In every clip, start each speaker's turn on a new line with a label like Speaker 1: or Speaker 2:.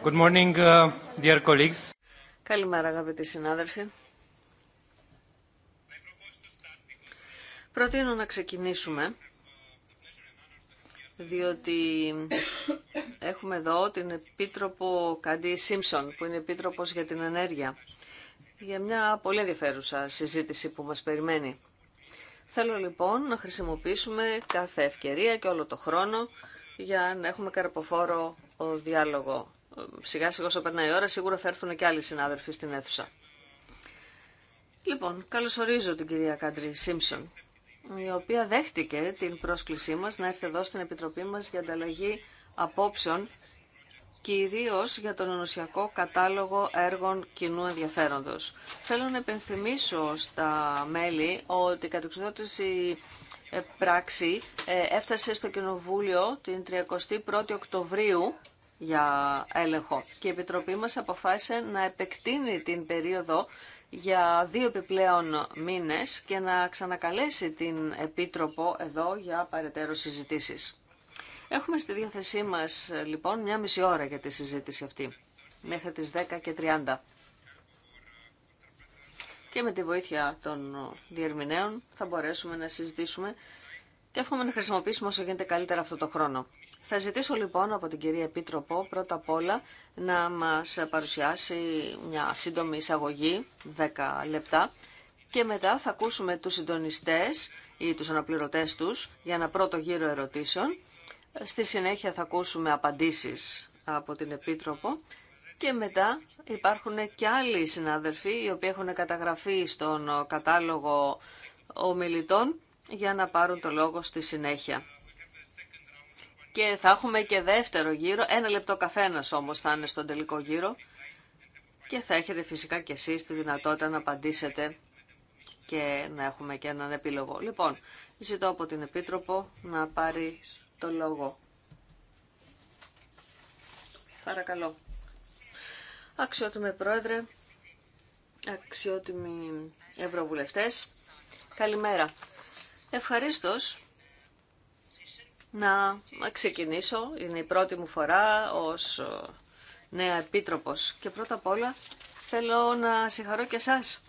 Speaker 1: Uh,
Speaker 2: Καλημέρα αγαπητοί συνάδελφοι. Προτείνω να ξεκινήσουμε, διότι έχουμε εδώ την Επίτροπο Καντή Σίμψον, που είναι Επίτροπος για την Ενέργεια, για μια πολύ ενδιαφέρουσα συζήτηση που μας περιμένει. Θέλω λοιπόν να χρησιμοποιήσουμε κάθε ευκαιρία και όλο το χρόνο για να έχουμε καρποφόρο ο διάλογο σιγά σιγά όσο περνάει η ώρα σίγουρα θα έρθουν και άλλοι συνάδελφοι στην αίθουσα. Λοιπόν, καλωσορίζω την κυρία Κάντρι Σίμψον, η οποία δέχτηκε την πρόσκλησή μας να έρθει εδώ στην Επιτροπή μας για ανταλλαγή απόψεων, κυρίως για τον ενωσιακό κατάλογο έργων κοινού ενδιαφέροντος. Θέλω να επενθυμίσω στα μέλη ότι η κατεξοδότηση ε, πράξη ε, έφτασε στο Κοινοβούλιο την 31η Οκτωβρίου για έλεγχο. Και η Επιτροπή μας αποφάσισε να επεκτείνει την περίοδο για δύο επιπλέον μήνες και να ξανακαλέσει την Επίτροπο εδώ για παρετέρω συζητήσεις. Έχουμε στη διάθεσή μας λοιπόν μια μισή ώρα για τη συζήτηση αυτή, μέχρι τις 10 και 30. Και με τη βοήθεια των διερμηνέων θα μπορέσουμε να συζητήσουμε και εύχομαι να χρησιμοποιήσουμε όσο γίνεται καλύτερα αυτό το χρόνο. Θα ζητήσω λοιπόν από την κυρία Επίτροπο πρώτα απ' όλα να μας παρουσιάσει μια σύντομη εισαγωγή, 10 λεπτά, και μετά θα ακούσουμε τους συντονιστές ή τους αναπληρωτές τους για ένα πρώτο γύρο ερωτήσεων. Στη συνέχεια θα ακούσουμε απαντήσεις από την Επίτροπο και μετά υπάρχουν και άλλοι συνάδελφοι οι οποίοι έχουν καταγραφεί στον κατάλογο ομιλητών για να πάρουν το λόγο στη συνέχεια και θα έχουμε και δεύτερο γύρο. Ένα λεπτό καθένας όμως θα είναι στον τελικό γύρο και θα έχετε φυσικά και εσείς τη δυνατότητα να απαντήσετε και να έχουμε και έναν επίλογο. Λοιπόν, ζητώ από την Επίτροπο να πάρει το λόγο. Παρακαλώ. Αξιότιμε Πρόεδρε, αξιότιμοι Ευρωβουλευτές, καλημέρα. Ευχαρίστως να ξεκινήσω. Είναι η πρώτη μου φορά ως ε, νέα επίτροπος. Και πρώτα απ' όλα θέλω να συγχαρώ και εσάς.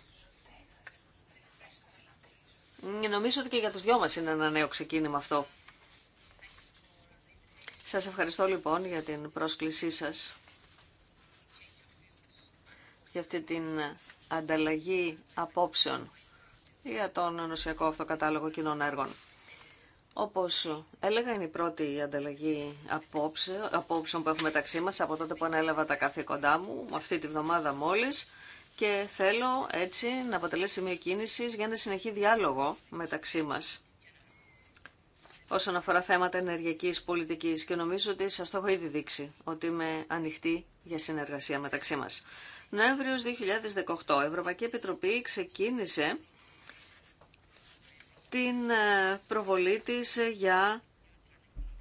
Speaker 2: Ε, νομίζω ότι και για τους δυο μας είναι ένα νέο ξεκίνημα αυτό. Σας ευχαριστώ λοιπόν για την πρόσκλησή σας. Για αυτή την ανταλλαγή απόψεων για τον ενωσιακό αυτοκατάλογο κοινών έργων. Όπως έλεγα, είναι η πρώτη ανταλλαγή απόψε, απόψεων που έχουμε μεταξύ μας από τότε που ανέλαβα τα καθήκοντά μου, αυτή τη βδομάδα μόλις, και θέλω έτσι να αποτελέσει μια κίνηση για να συνεχή διάλογο μεταξύ μας όσον αφορά θέματα ενεργειακής πολιτικής και νομίζω ότι σας το έχω ήδη δείξει ότι είμαι ανοιχτή για συνεργασία μεταξύ μας. Νοέμβριος 2018 η Ευρωπαϊκή Επιτροπή ξεκίνησε την ε, προβολή της για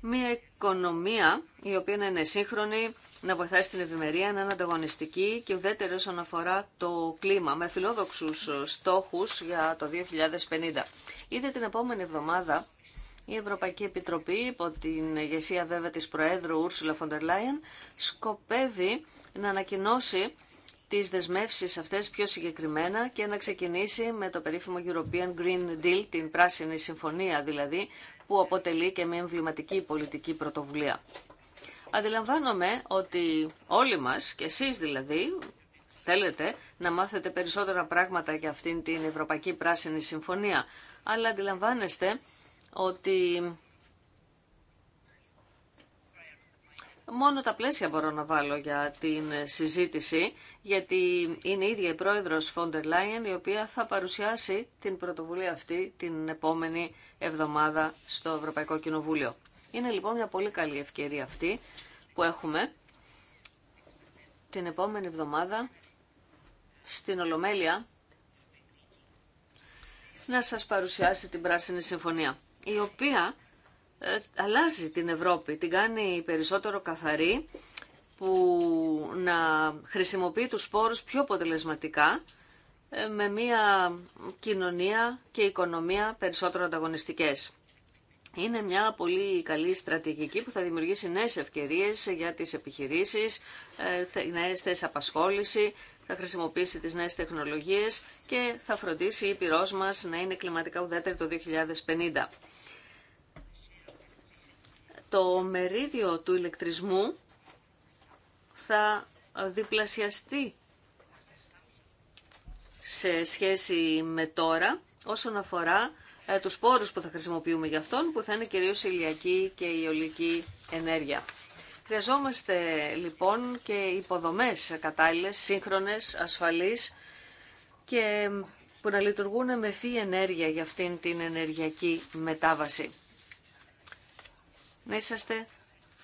Speaker 2: μια οικονομία η οποία να είναι σύγχρονη, να βοηθάει στην ευημερία, να είναι ανταγωνιστική και ουδέτερη όσον αφορά το κλίμα, με φιλόδοξους ε, στόχους για το 2050. Είδε την επόμενη εβδομάδα η Ευρωπαϊκή Επιτροπή, υπό την ηγεσία βέβαια της Προέδρου Ούρσουλα von der σκοπεύει να ανακοινώσει τις δεσμεύσεις αυτές πιο συγκεκριμένα και να ξεκινήσει με το περίφημο European Green Deal, την πράσινη συμφωνία δηλαδή, που αποτελεί και μια εμβληματική πολιτική πρωτοβουλία. Αντιλαμβάνομαι ότι όλοι μας, και εσείς δηλαδή, θέλετε να μάθετε περισσότερα πράγματα για αυτήν την Ευρωπαϊκή Πράσινη Συμφωνία, αλλά αντιλαμβάνεστε ότι Μόνο τα πλαίσια μπορώ να βάλω για την συζήτηση, γιατί είναι η ίδια η πρόεδρος Φόντερ Λάιεν, η οποία θα παρουσιάσει την πρωτοβουλία αυτή την επόμενη εβδομάδα στο Ευρωπαϊκό Κοινοβούλιο. Είναι λοιπόν μια πολύ καλή ευκαιρία αυτή που έχουμε την επόμενη εβδομάδα στην Ολομέλεια να σας παρουσιάσει την Πράσινη Συμφωνία, η οποία ε, αλλάζει την Ευρώπη, την κάνει περισσότερο καθαρή, που να χρησιμοποιεί τους σπόρους πιο αποτελεσματικά ε, με μια κοινωνία και οικονομία περισσότερο ανταγωνιστικές. Είναι μια πολύ καλή στρατηγική που θα δημιουργήσει νέες ευκαιρίες για τις επιχειρήσεις, ε, νέες θέσεις απασχόληση, θα χρησιμοποιήσει τις νέες τεχνολογίες και θα φροντίσει η πυρός μας να είναι κλιματικά ουδέτερη το 2050 το μερίδιο του ηλεκτρισμού θα διπλασιαστεί σε σχέση με τώρα όσον αφορά ε, τους πόρους που θα χρησιμοποιούμε για αυτόν, που θα είναι κυρίως ηλιακή και η ολική ενέργεια. Χρειαζόμαστε λοιπόν και υποδομές κατάλληλες, σύγχρονες, ασφαλείς και ε, που να λειτουργούν με φύ ενέργεια για αυτήν την ενεργειακή μετάβαση. Να είσαστε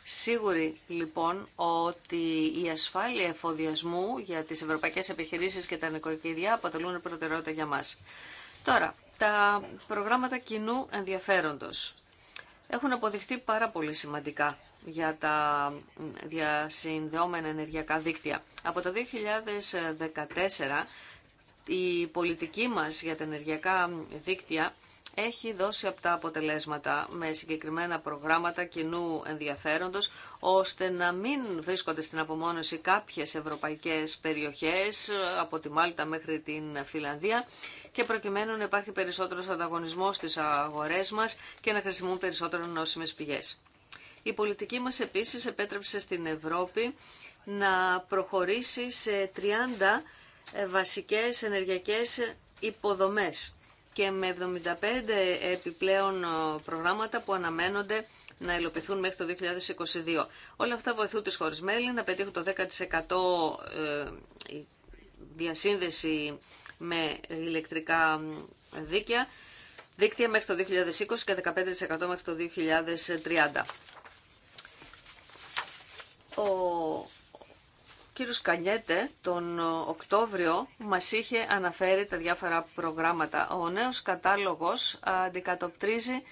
Speaker 2: σίγουροι λοιπόν ότι η ασφάλεια εφοδιασμού για τις ευρωπαϊκές επιχειρήσεις και τα νοικοκυριά αποτελούν προτεραιότητα για μας. Τώρα, τα προγράμματα κοινού ενδιαφέροντος έχουν αποδειχθεί πάρα πολύ σημαντικά για τα διασυνδεόμενα ενεργειακά δίκτυα. Από το 2014 η πολιτική μας για τα ενεργειακά δίκτυα έχει δώσει αυτά αποτελέσματα με συγκεκριμένα προγράμματα κοινού ενδιαφέροντος, ώστε να μην βρίσκονται στην απομόνωση κάποιες ευρωπαϊκές περιοχές, από τη Μάλτα μέχρι την Φιλανδία, και προκειμένου να υπάρχει περισσότερος ανταγωνισμός στις αγορές μας και να χρησιμοποιούν περισσότερο νόσιμες πηγές. Η πολιτική μας επίσης επέτρεψε στην Ευρώπη να προχωρήσει σε 30 ε, βασικές ενεργειακές υποδομές και με 75 επιπλέον ε, προγράμματα που αναμένονται να υλοποιηθούν μέχρι το 2022. Όλα αυτά βοηθούν τις χώρες μέλη να πετύχουν το 10% ε, διασύνδεση με ηλεκτρικά δίκαια, δίκτυα μέχρι το 2020 και 15% μέχρι το 2030. Ο κύριος Κανιέτε τον ε, Οκτώβριο μας είχε αναφέρει τα διάφορα προγράμματα. Ο νέος κατάλογος αντικατοπτρίζει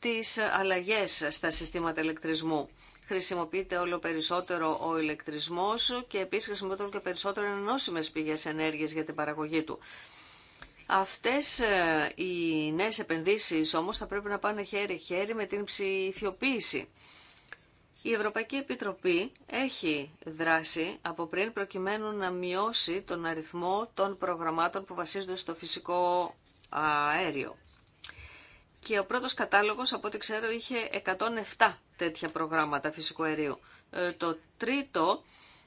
Speaker 2: τις αλλαγές στα συστήματα ηλεκτρισμού. Χρησιμοποιείται όλο περισσότερο ο ηλεκτρισμός και επίσης χρησιμοποιείται όλο και περισσότερο ενώσιμες πηγές ενέργειας για την παραγωγή του. Αυτές ε, οι νέες επενδύσεις όμως θα πρέπει να πάνε χέρι-χέρι με την ψηφιοποίηση η Ευρωπαϊκή Επιτροπή έχει δράσει από πριν προκειμένου να μειώσει τον αριθμό των προγραμμάτων που βασίζονται στο φυσικό αέριο. Και ο πρώτος κατάλογος, από ό,τι ξέρω, είχε 107 τέτοια προγράμματα φυσικού αερίου. Ε, το τρίτο,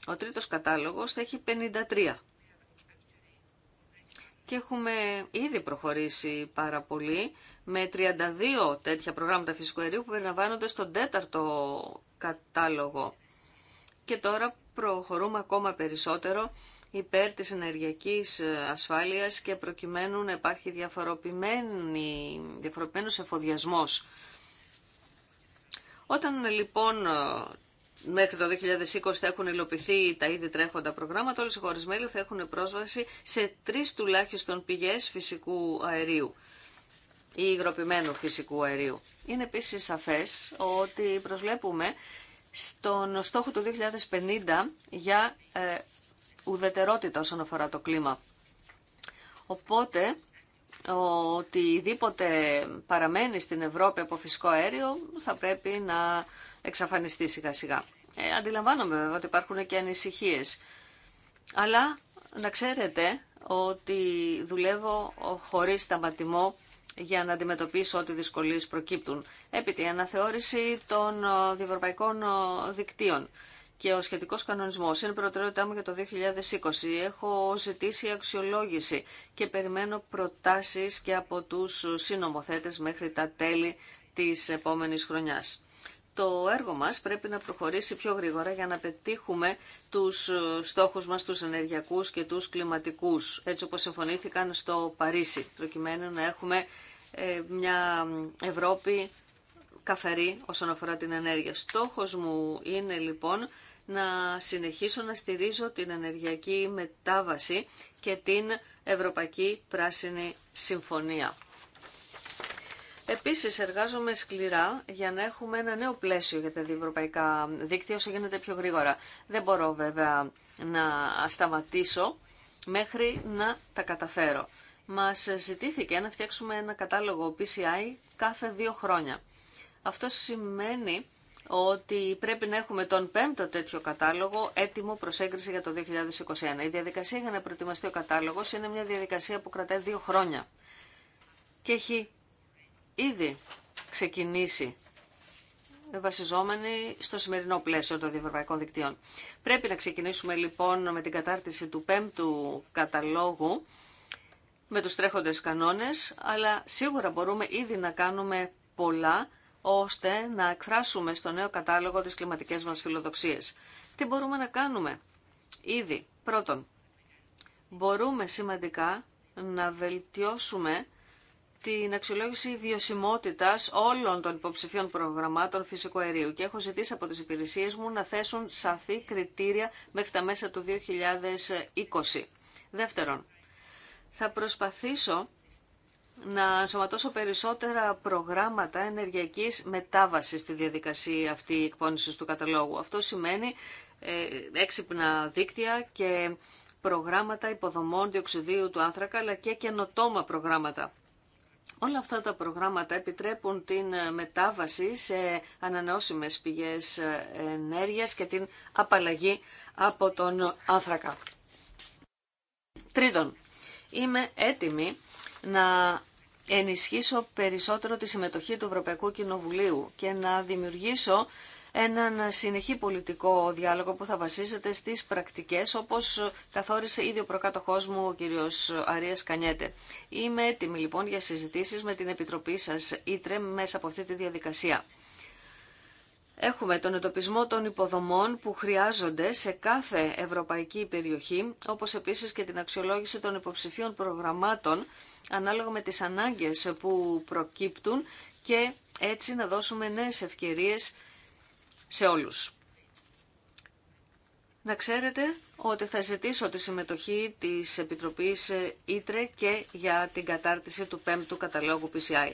Speaker 2: ο τρίτος κατάλογος θα έχει 53. Και έχουμε ήδη προχωρήσει πάρα πολύ με 32 τέτοια προγράμματα φυσικού αερίου που περιλαμβάνονται στον τέταρτο κατάλογο. Και τώρα προχωρούμε ακόμα περισσότερο υπέρ της ενεργειακής ε, ασφάλειας και προκειμένου να υπάρχει διαφοροποιημένος εφοδιασμός. Όταν ε, λοιπόν ε, μέχρι το 2020 θα έχουν υλοποιηθεί τα ήδη τρέχοντα προγράμματα, όλες οι χώρες θα έχουν πρόσβαση σε τρεις τουλάχιστον πηγές φυσικού αερίου ή υγροποιημένου φυσικού αερίου. Είναι επίσης σαφές ότι προσλέπουμε στον στόχο του 2050 για ε, ουδετερότητα όσον αφορά το κλίμα. Οπότε, οτιδήποτε παραμένει στην Ευρώπη από φυσικό αέριο θα πρέπει να εξαφανιστεί σιγά σιγά. Ε, αντιλαμβάνομαι βέβαια ότι υπάρχουν και ανησυχίες. Αλλά να ξέρετε ότι δουλεύω χωρίς σταματημό για να αντιμετωπίσω ό,τι δυσκολίες προκύπτουν. Έπειτα, η αναθεώρηση των ε, διευρωπαϊκών ε, δικτύων και ο σχετικό κανονισμό είναι προτεραιότητά μου για το 2020. Έχω ζητήσει αξιολόγηση και περιμένω προτάσει και από του συνομοθέτε μέχρι τα τέλη τη επόμενη χρονιά το έργο μας πρέπει να προχωρήσει πιο γρήγορα για να πετύχουμε τους ε, στόχους μας, τους ενεργειακούς και τους κλιματικούς, έτσι όπως συμφωνήθηκαν στο Παρίσι, προκειμένου να έχουμε ε, μια Ευρώπη καθαρή όσον αφορά την ενέργεια. Στόχος μου είναι λοιπόν να συνεχίσω να στηρίζω την ενεργειακή μετάβαση και την Ευρωπαϊκή Πράσινη Συμφωνία. Επίσης εργάζομαι σκληρά για να έχουμε ένα νέο πλαίσιο για τα διευρωπαϊκά δίκτυα όσο γίνεται πιο γρήγορα. Δεν μπορώ βέβαια να σταματήσω μέχρι να τα καταφέρω. Μας ζητήθηκε να φτιάξουμε ένα κατάλογο PCI κάθε δύο χρόνια. Αυτό σημαίνει ότι πρέπει να έχουμε τον πέμπτο τέτοιο κατάλογο έτοιμο προς έγκριση για το 2021. Η διαδικασία για να προετοιμαστεί ο κατάλογος είναι μια διαδικασία που κρατάει δύο χρόνια και ήδη ξεκινήσει βασιζόμενοι στο σημερινό πλαίσιο των διευρωπαϊκών δικτύων. Πρέπει να ξεκινήσουμε λοιπόν με την κατάρτιση του πέμπτου καταλόγου με τους τρέχοντες κανόνες, αλλά σίγουρα μπορούμε ήδη να κάνουμε πολλά ώστε να εκφράσουμε στο νέο κατάλογο τις κλιματικές μας φιλοδοξίες. Τι μπορούμε να κάνουμε ήδη. Πρώτον, μπορούμε σημαντικά να βελτιώσουμε την αξιολόγηση βιωσιμότητα όλων των υποψηφίων προγραμμάτων φυσικού αερίου και έχω ζητήσει από τι υπηρεσίε μου να θέσουν σαφή κριτήρια μέχρι τα μέσα του 2020. Δεύτερον, θα προσπαθήσω να ενσωματώσω περισσότερα προγράμματα ενεργειακής μετάβασης στη διαδικασία αυτή εκπόνησης του καταλόγου. Αυτό σημαίνει ε, έξυπνα δίκτυα και προγράμματα υποδομών διοξιδίου του άνθρακα, αλλά και καινοτόμα προγράμματα. Όλα αυτά τα προγράμματα επιτρέπουν την ε, μετάβαση σε ανανεώσιμες πηγές ε, ενέργειας και την απαλλαγή από τον άνθρακα. Τρίτον, είμαι έτοιμη να ενισχύσω περισσότερο τη συμμετοχή του Ευρωπαϊκού Κοινοβουλίου και να δημιουργήσω έναν συνεχή πολιτικό διάλογο που θα βασίζεται στις πρακτικές όπως καθόρισε ήδη ο προκάτοχός μου ο κύριος Αρίας Κανιέτε. Είμαι έτοιμη λοιπόν για συζητήσεις με την Επιτροπή σας Ήτρε μέσα από αυτή τη διαδικασία. Έχουμε τον εντοπισμό των υποδομών που χρειάζονται σε κάθε ευρωπαϊκή περιοχή, όπως επίσης και την αξιολόγηση των υποψηφίων προγραμμάτων, ανάλογα με τις ανάγκες που προκύπτουν και έτσι να δώσουμε νέες ευκαιρίες σε όλους. Να ξέρετε ότι θα ζητήσω τη συμμετοχή της Επιτροπής Ήτρε και για την κατάρτιση του 5ου καταλόγου PCI.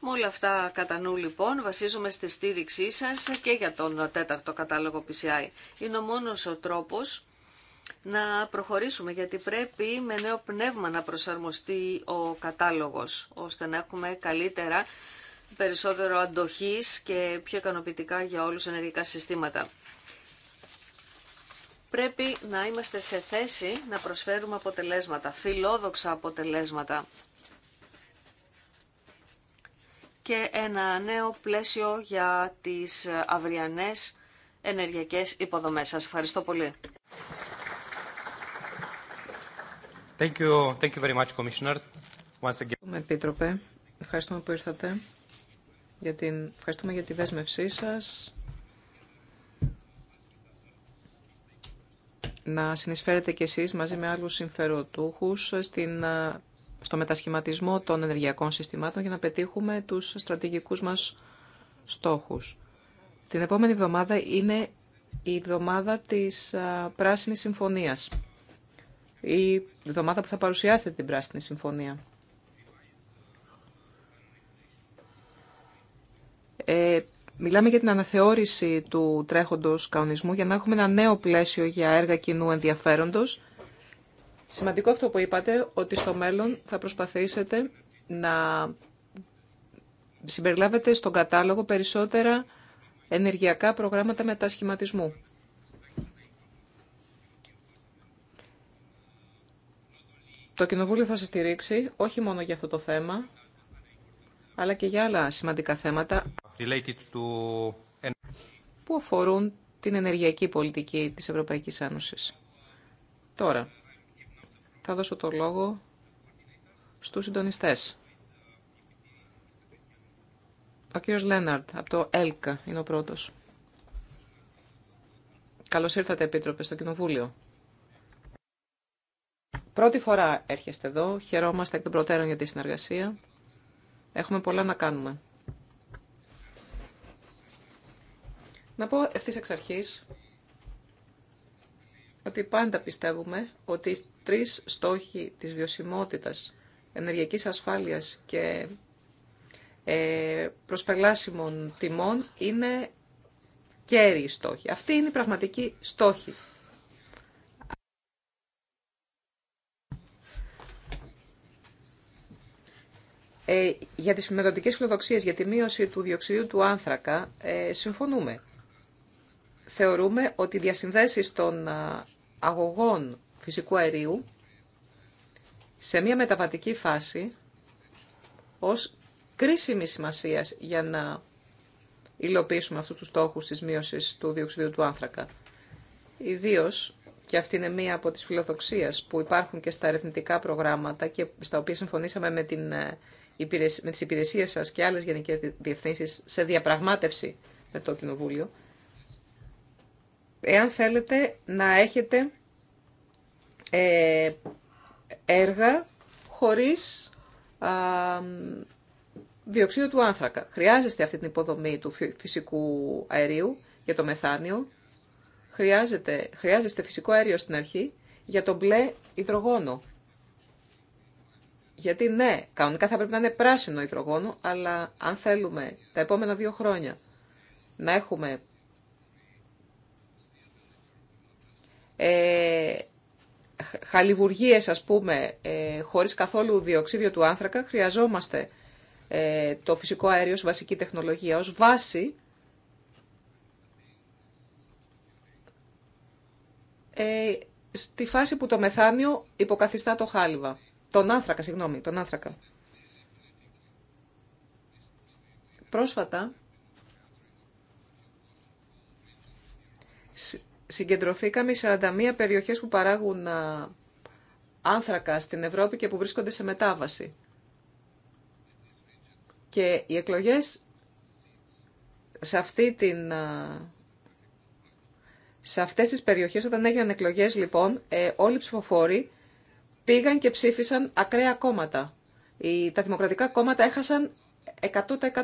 Speaker 2: Με όλα αυτά κατά νου λοιπόν βασίζομαι στη στήριξή σας και για τον 4ο κατάλογο PCI. Είναι ο μόνος ο τρόπος να προχωρήσουμε γιατί πρέπει με νέο πνεύμα να προσαρμοστεί ο κατάλογος ώστε να έχουμε καλύτερα περισσότερο αντοχής και πιο ικανοποιητικά για όλους ενεργικά συστήματα. Πρέπει να είμαστε σε θέση να προσφέρουμε αποτελέσματα, φιλόδοξα αποτελέσματα και ένα νέο πλαίσιο για τις αυριανές ενεργειακές υποδομές. Σας ευχαριστώ πολύ.
Speaker 3: Thank you. Thank you very much, Commissioner. Επίτροπε, ευχαριστούμε που ήρθατε. Για την... Ευχαριστούμε για τη δέσμευσή σας. Να συνεισφέρετε κι εσείς μαζί με άλλους συμφεροτούχους στην... στο μετασχηματισμό των ενεργειακών συστημάτων για να πετύχουμε τους στρατηγικούς μας στόχους. Την επόμενη εβδομάδα είναι η εβδομάδα της Πράσινης Συμφωνίας. Η εβδομάδα που θα παρουσιάσετε την Πράσινη Συμφωνία. Ε, μιλάμε για την αναθεώρηση του τρέχοντος κανονισμού για να έχουμε ένα νέο πλαίσιο για έργα κοινού ενδιαφέροντος. Σημαντικό αυτό που είπατε, ότι στο μέλλον θα προσπαθήσετε να συμπεριλάβετε στον κατάλογο περισσότερα ενεργειακά προγράμματα μετασχηματισμού. Το Κοινοβούλιο θα σας στηρίξει όχι μόνο για αυτό το θέμα, αλλά και για άλλα σημαντικά θέματα που αφορούν την ενεργειακή πολιτική της Ευρωπαϊκής Ένωσης. Τώρα, θα δώσω το λόγο στους συντονιστές. Ο κύριος Λέναρτ από το ΕΛΚΑ είναι ο πρώτος. Καλώς ήρθατε, Επίτροπε, στο Κοινοβούλιο. Πρώτη φορά έρχεστε εδώ. Χαιρόμαστε εκ των προτέρων για τη συνεργασία. Έχουμε πολλά να κάνουμε. Να πω ευθύς εξ αρχής ότι πάντα πιστεύουμε ότι οι τρεις στόχοι της βιωσιμότητας, ενεργειακής ασφάλειας και ε, προσπελάσιμων τιμών είναι κέρυοι στόχοι. Αυτή είναι η πραγματική στόχη Ε, για τις μεταδοτικές φιλοδοξίες για τη μείωση του διοξιδίου του άνθρακα ε, συμφωνούμε. Θεωρούμε ότι οι διασυνδέσεις των αγωγών φυσικού αερίου σε μια μεταβατική φάση ως κρίσιμη σημασία για να υλοποιήσουμε αυτούς τους στόχους της μείωσης του διοξιδίου του άνθρακα. Ιδίω και αυτή είναι μία από τις φιλοδοξίες που υπάρχουν και στα ερευνητικά προγράμματα και στα οποία συμφωνήσαμε με την ε, με τις υπηρεσίες σας και άλλες γενικές διευθύνσεις σε διαπραγμάτευση με το Κοινοβούλιο, εάν θέλετε να έχετε ε, έργα χωρίς α, διοξείδιο του άνθρακα. Χρειάζεστε αυτή την υποδομή του φυσικού αερίου για το μεθάνιο. Χρειάζεται, χρειάζεστε φυσικό αέριο στην αρχή για το μπλε υδρογόνο. Γιατί ναι, κανονικά θα πρέπει να είναι πράσινο υδρογόνο, αλλά αν θέλουμε τα επόμενα δύο χρόνια να έχουμε ε, χαλιβουργίες, ας πούμε, ε, χωρίς καθόλου διοξίδιο του άνθρακα, χρειαζόμαστε ε, το φυσικό αέριο ως βασική τεχνολογία, ως βάση ε, στη φάση που το μεθάνιο υποκαθιστά το χάλιβα. Τον άνθρακα, συγγνώμη, τον άνθρακα. Πρόσφατα συγκεντρωθήκαμε οι 41 περιοχές που παράγουν άνθρακα στην Ευρώπη και που βρίσκονται σε μετάβαση. Και οι εκλογές σε, αυτή την, σε αυτές τις περιοχές, όταν έγιναν εκλογές λοιπόν, ε, όλοι οι ψηφοφόροι πήγαν και ψήφισαν ακραία κόμματα. Τα δημοκρατικά κόμματα έχασαν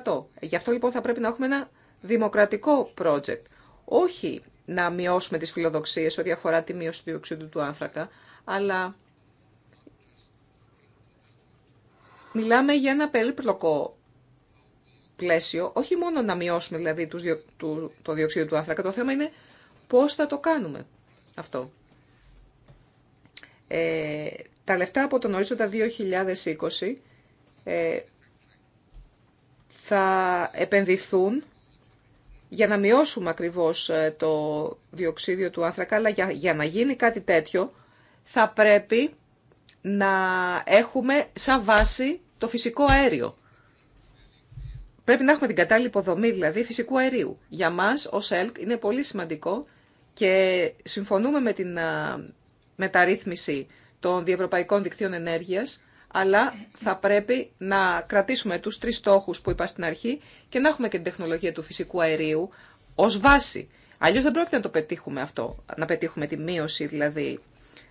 Speaker 3: 100%. Γι' αυτό λοιπόν θα πρέπει να έχουμε ένα δημοκρατικό project. Όχι να μειώσουμε τις φιλοδοξίες ό,τι αφορά τη μείωση του του άνθρακα, αλλά μιλάμε για ένα περίπλοκο πλαίσιο, όχι μόνο να μειώσουμε δηλαδή το διοξείδιο του άνθρακα, το θέμα είναι πώς θα το κάνουμε αυτό. Ε, τα λεφτά από τον ορίζοντα 2020 ε, θα επενδυθούν για να μειώσουμε ακριβώς ε, το διοξίδιο του άνθρακα, αλλά για, να γίνει κάτι τέτοιο θα πρέπει να έχουμε σαν βάση το φυσικό αέριο. Πρέπει να έχουμε την κατάλληλη υποδομή, δηλαδή, φυσικού αερίου. Για μας, ως ΕΛΚ, είναι πολύ σημαντικό και συμφωνούμε με την μεταρρύθμιση των διευρωπαϊκών δικτύων ενέργειας, αλλά θα πρέπει να κρατήσουμε τους τρεις στόχους που είπα στην αρχή και να έχουμε και την τεχνολογία του φυσικού αερίου ως βάση. Αλλιώς δεν πρόκειται να το πετύχουμε αυτό, να πετύχουμε τη μείωση δηλαδή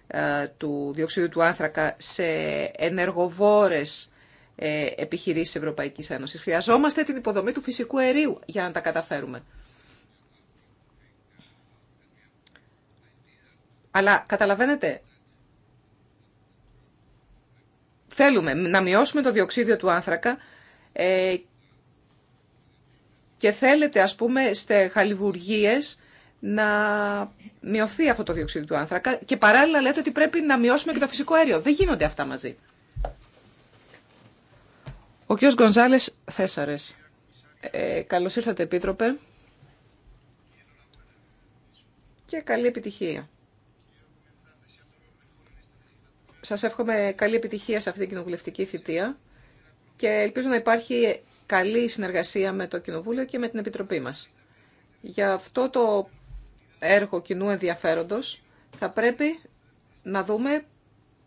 Speaker 3: ε, του διοξιδίου του άνθρακα σε ενεργοβόρες ε, επιχειρήσεις Ευρωπαϊκής Ένωσης. Χρειαζόμαστε την υποδομή του φυσικού αερίου για να τα καταφέρουμε. Αλλά καταλαβαίνετε, θέλουμε να μειώσουμε το διοξίδιο του άνθρακα ε, και θέλετε, ας πούμε, στε χαλιβουργίες να μειωθεί αυτό το διοξίδιο του άνθρακα και παράλληλα λέτε ότι πρέπει να μειώσουμε και το φυσικό αέριο. Δεν γίνονται αυτά μαζί. Ο κ. Γκονζάλες Θέσαρες. Ε, καλώς ήρθατε, Επίτροπε. Και καλή επιτυχία. Σας εύχομαι καλή επιτυχία σε αυτή την κοινοβουλευτική θητεία και ελπίζω να υπάρχει καλή συνεργασία με το Κοινοβούλιο και με την Επιτροπή μας. Για αυτό το έργο κοινού ενδιαφέροντος θα πρέπει να δούμε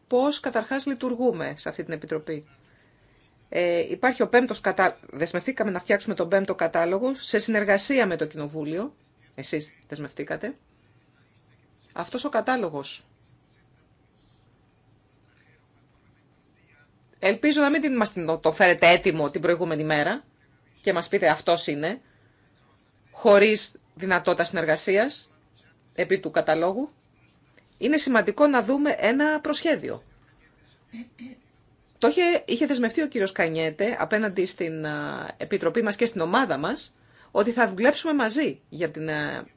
Speaker 3: πώς καταρχάς λειτουργούμε σε αυτή την Επιτροπή. Ε, υπάρχει ο πέμπτος κατα... Δεσμευτήκαμε να φτιάξουμε τον πέμπτο κατάλογο σε συνεργασία με το Κοινοβούλιο. Εσείς δεσμευτήκατε. Αυτός ο κατάλογος Ελπίζω να μην μας το φέρετε έτοιμο την προηγούμενη μέρα και μας πείτε αυτός είναι, χωρίς δυνατότητα συνεργασίας επί του καταλόγου. Είναι σημαντικό να δούμε ένα προσχέδιο. Το είχε, είχε δεσμευτεί ο κύριος Κανιέτε απέναντι στην Επιτροπή μας και στην ομάδα μας ότι θα δουλέψουμε μαζί για την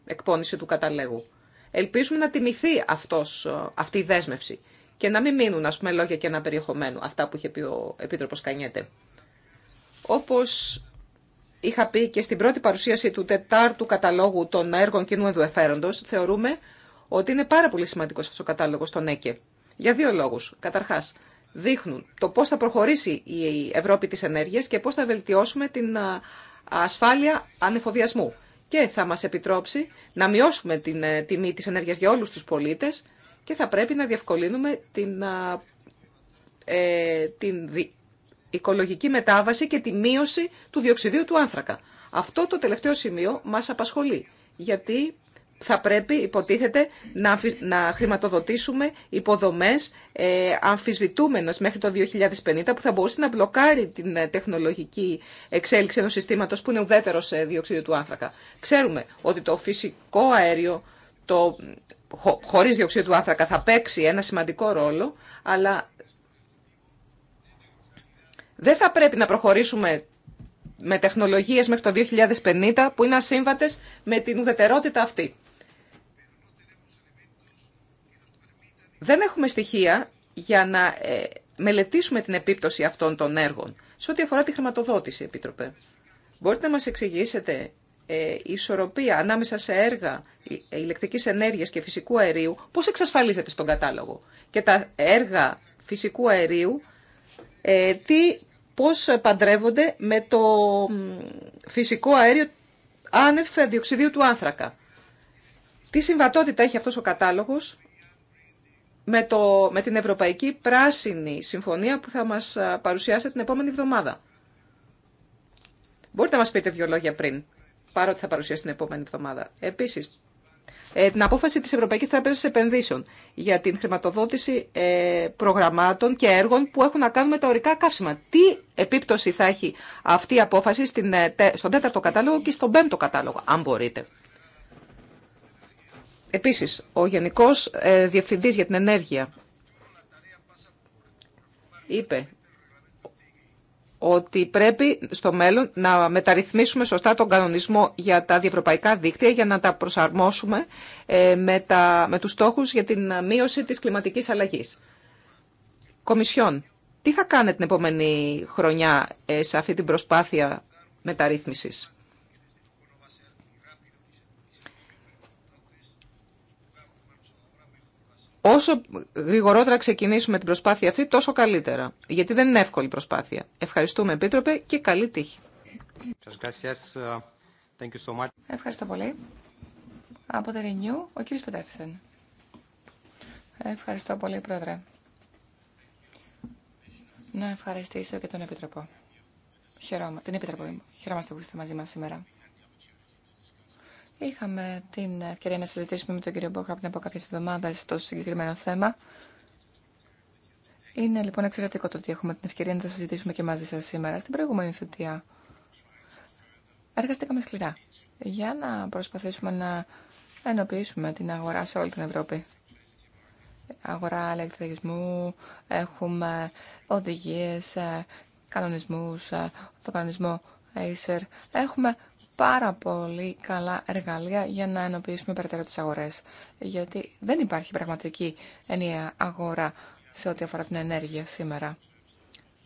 Speaker 3: εκπόνηση του καταλέγου. Ελπίζουμε να τιμηθεί αυτός, αυτή η δέσμευση και να μην μείνουν ας πούμε, λόγια και ένα περιεχομένο, αυτά που είχε πει ο Επίτροπος Κανιέτε. Όπως είχα πει και στην πρώτη παρουσίαση του τετάρτου καταλόγου των έργων κοινού ενδοεφέροντος, θεωρούμε ότι είναι πάρα πολύ σημαντικός αυτός ο κατάλογος των ΕΚΕ. Για δύο λόγους. Καταρχάς, δείχνουν το πώς θα προχωρήσει η Ευρώπη της ενέργειας και πώς θα βελτιώσουμε την ασφάλεια ανεφοδιασμού. Και θα μας επιτρόψει να μειώσουμε την ε, τιμή της ενέργειας για όλους τους πολίτες και θα πρέπει να διευκολύνουμε την, ε, την οικολογική μετάβαση και τη μείωση του διοξιδίου του άνθρακα. Αυτό το τελευταίο σημείο μας απασχολεί, γιατί θα πρέπει, υποτίθεται, να, να χρηματοδοτήσουμε υποδομές ε, αμφισβητούμενες μέχρι το 2050 που θα μπορούσε να μπλοκάρει την ε, τεχνολογική εξέλιξη ενός συστήματος που είναι ουδέτερο σε διοξίδιο του άνθρακα. Ξέρουμε ότι το φυσικό αέριο, το χω, χωρίς διοξείδιο του άνθρακα θα παίξει ένα σημαντικό ρόλο, αλλά δεν θα πρέπει να προχωρήσουμε με τεχνολογίες μέχρι το 2050 που είναι ασύμβατες με την ουδετερότητα αυτή. Δεν έχουμε στοιχεία για να ε, μελετήσουμε την επίπτωση αυτών των έργων. Σε ό,τι αφορά τη χρηματοδότηση, Επίτροπε, μπορείτε να μας εξηγήσετε η ε, ισορροπία ανάμεσα σε έργα ε, ηλεκτρική ενέργειας και φυσικού αερίου, πώς εξασφαλίζεται στον κατάλογο. Και τα έργα φυσικού αερίου, ε, τι, πώς παντρεύονται με το φυσικό αέριο άνευ διοξιδίου του άνθρακα. Τι συμβατότητα έχει αυτός ο κατάλογος με, το, με την Ευρωπαϊκή Πράσινη Συμφωνία που θα μας παρουσιάσετε την επόμενη εβδομάδα. Μπορείτε να μας πείτε δύο λόγια πριν παρότι θα παρουσιάσει την επόμενη εβδομάδα. Επίσης, ε, την απόφαση της Ευρωπαϊκής Τράπεζα Επενδύσεων για την χρηματοδότηση ε, προγραμμάτων και έργων που έχουν να κάνουν με τα ορικά καύσιμα. Τι επίπτωση θα έχει αυτή η απόφαση στην, ε, στον τέταρτο κατάλογο και στον πέμπτο κατάλογο, αν μπορείτε. Επίσης, ο Γενικός διευθυντή για την Ενέργεια είπε ότι πρέπει στο μέλλον να μεταρρυθμίσουμε σωστά τον κανονισμό για τα διευρωπαϊκά δίκτυα για να τα προσαρμόσουμε ε, με, τα, με τους στόχους για την μείωση της κλιματικής αλλαγής. Κομισιόν, τι θα κάνετε την επόμενη χρονιά ε, σε αυτή την προσπάθεια μεταρρύθμισης. Όσο γρηγορότερα ξεκινήσουμε την προσπάθεια αυτή, τόσο καλύτερα. Γιατί δεν είναι εύκολη προσπάθεια.
Speaker 1: Ευχαριστούμε, Επίτροπε, και καλή τύχη. Uh, Ευχαριστώ πολύ. Από το ο κύριος Πετέρσεν. Ευχαριστώ πολύ, Πρόεδρε. Να ευχαριστήσω και τον Επίτροπο. την Επίτροπο. Χαιρόμαστε που είστε μαζί μας σήμερα. Είχαμε την ευκαιρία να συζητήσουμε με τον κύριο Μπόχρα πριν από κάποιε εβδομάδε το συγκεκριμένο θέμα. Είναι λοιπόν εξαιρετικό το ότι έχουμε την ευκαιρία να τα συζητήσουμε και μαζί σα σήμερα. Στην προηγούμενη θητεία εργαστήκαμε σκληρά για να προσπαθήσουμε να ενοποιήσουμε την αγορά σε όλη την Ευρώπη. Αγορά ηλεκτρισμού, έχουμε οδηγίε, κανονισμού, ε, το κανονισμό Acer. Έχουμε πάρα πολύ καλά εργαλεία για να ενοποιήσουμε περαιτέρω τις αγορές. Γιατί δεν υπάρχει πραγματική ενιαία αγορά σε ό,τι αφορά την ενέργεια σήμερα.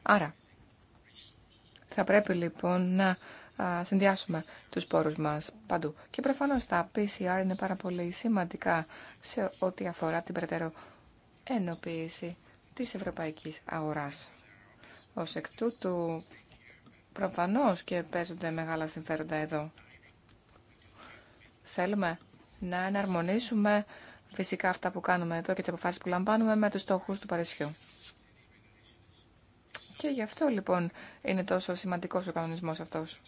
Speaker 1: Άρα, θα πρέπει λοιπόν να συνδυάσουμε τους πόρους μας παντού. Και προφανώς τα PCR είναι πάρα πολύ σημαντικά σε ό,τι αφορά την περαιτέρω ενοποίηση της ευρωπαϊκής αγοράς. Ως εκ τούτου Προφανώς και παίζονται μεγάλα συμφέροντα εδώ. Θέλουμε να εναρμονίσουμε φυσικά αυτά που κάνουμε εδώ και τις αποφάσεις που λαμβάνουμε με τους στόχους του Παρισιού. Και γι' αυτό λοιπόν είναι τόσο σημαντικός ο κανονισμός αυτός.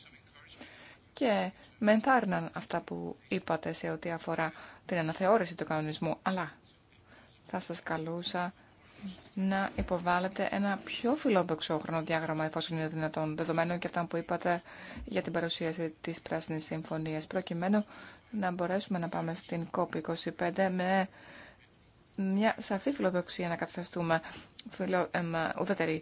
Speaker 1: Και με ενθάρρυναν αυτά που είπατε σε ό,τι αφορά την αναθεώρηση του κανονισμού, αλλά θα σας καλούσα να υποβάλλετε ένα πιο φιλόδοξο χρονοδιάγραμμα, εφόσον είναι δυνατόν, δεδομένου και αυτά που είπατε για την παρουσίαση της Πράσινης συμφωνία. προκειμένου να μπορέσουμε να πάμε στην COP25 με μια σαφή φιλοδοξία να καθιστούμε φιλο, ουδέτερη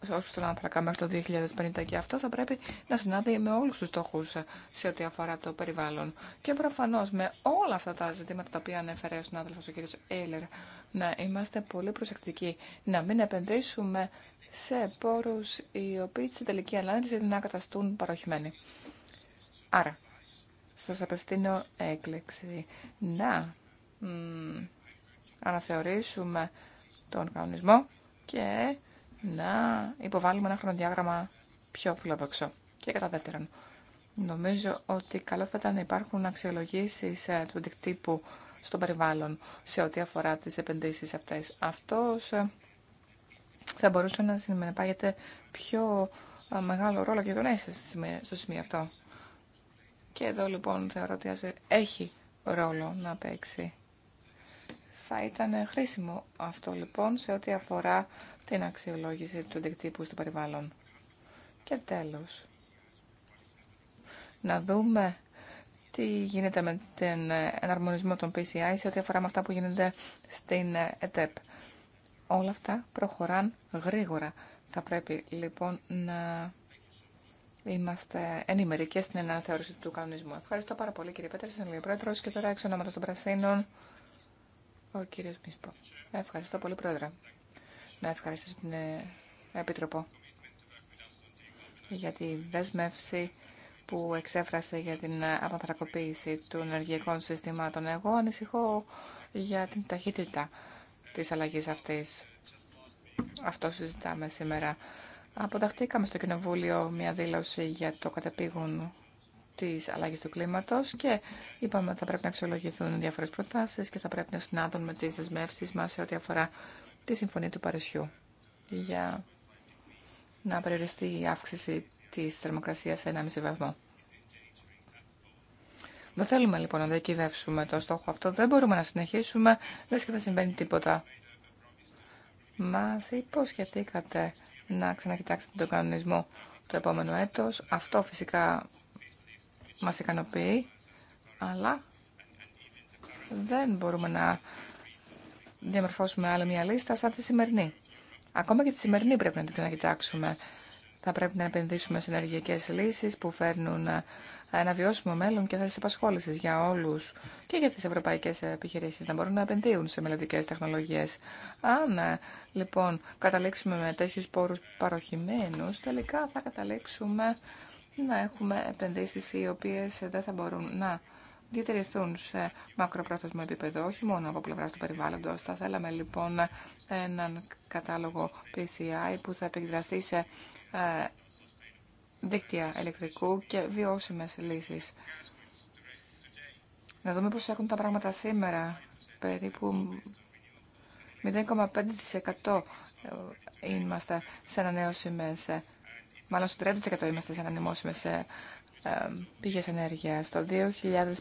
Speaker 1: όσο τον άνθρακα μέχρι το 2050 και αυτό θα πρέπει να συνάδει με όλου του στόχου σε ό,τι αφορά το περιβάλλον. Και προφανώς με όλα αυτά τα ζητήματα τα οποία ανέφερε ο συνάδελφος ο κ. Έιλερ, να είμαστε πολύ προσεκτικοί, να μην επενδύσουμε σε πόρους οι οποίοι στην τελική ανάλυση να καταστούν παροχημένοι. Άρα, σας απευθύνω έκλεξη να αναθεωρήσουμε τον κανονισμό και να υποβάλουμε ένα χρονοδιάγραμμα πιο φιλοδόξο. Και κατά δεύτερον, νομίζω ότι καλό θα ήταν να υπάρχουν αξιολογήσει ε, του αντικτύπου στο περιβάλλον σε ό,τι αφορά τις επενδύσει αυτές. Αυτός ε, θα μπορούσε να συνεπάγεται πιο ε, μεγάλο ρόλο και τον είστε στο σημείο αυτό. Και εδώ λοιπόν θεωρώ ότι έχει ρόλο να παίξει θα ήταν χρήσιμο αυτό λοιπόν σε ό,τι αφορά την αξιολόγηση του αντικτύπου στο περιβάλλον. Και τέλος, να δούμε τι γίνεται με τον εναρμονισμό των PCI σε ό,τι αφορά με αυτά που γίνονται στην ΕΤΕΠ. Όλα αυτά προχωράν γρήγορα. Θα πρέπει λοιπόν να είμαστε ενήμεροι στην αναθεώρηση του κανονισμού. Ευχαριστώ πάρα πολύ κύριε Πέτρες, σαν Πρόεδρος και τώρα εξ των Πρασίνων ο κύριος Μίσπο. Ευχαριστώ πολύ, Πρόεδρε. Να ευχαριστήσω την ε, Επίτροπο για τη δέσμευση που εξέφρασε για την ε, απανθρακοποίηση των ενεργειακών συστημάτων. Εγώ ανησυχώ για την ταχύτητα της αλλαγής αυτής. Αυτό συζητάμε σήμερα. Αποταχτήκαμε στο Κοινοβούλιο μια δήλωση για το κατεπήγον της αλλαγής του κλίματος και είπαμε ότι θα πρέπει να αξιολογηθούν διάφορες προτάσεις και θα πρέπει να συνάδουν με τις δεσμεύσεις μας σε ό,τι αφορά τη Συμφωνία του Παρισιού για να περιοριστεί η αύξηση της θερμοκρασίας σε 1,5 βαθμό. Δεν θέλουμε λοιπόν να διακυβεύσουμε το στόχο αυτό. Δεν μπορούμε να συνεχίσουμε, λες και δεν συμβαίνει τίποτα. Μα υποσχεθήκατε να ξανακοιτάξετε τον κανονισμό το επόμενο έτος. Αυτό φυσικά μας ικανοποιεί, αλλά δεν μπορούμε να διαμορφώσουμε άλλη μια λίστα σαν τη σημερινή. Ακόμα και τη σημερινή πρέπει να την κοιτάξουμε. Θα πρέπει να επενδύσουμε σε ενεργειακές λύσεις που φέρνουν ε, ένα βιώσιμο μέλλον και θέσει απασχόληση για όλου και για τι ευρωπαϊκέ επιχειρήσει να μπορούν να επενδύουν σε μελλοντικέ τεχνολογίε. Αν ε, λοιπόν καταλήξουμε με τέτοιου πόρου παροχημένου, τελικά θα καταλήξουμε να έχουμε επενδύσεις οι οποίες δεν θα μπορούν να διατηρηθούν σε μακροπρόθεσμο επίπεδο, όχι μόνο από πλευρά του περιβάλλοντο. Θα θέλαμε λοιπόν έναν κατάλογο PCI που θα επικεντρωθεί σε ε, δίκτυα ηλεκτρικού και βιώσιμες λύσεις. Να δούμε πώς έχουν τα πράγματα σήμερα. Περίπου 0,5% ε, είμαστε σε ανανεώσιμες μάλλον στο 30% είμαστε σε ανανεμόσιμε ε, ε, πηγές ενέργειας. Το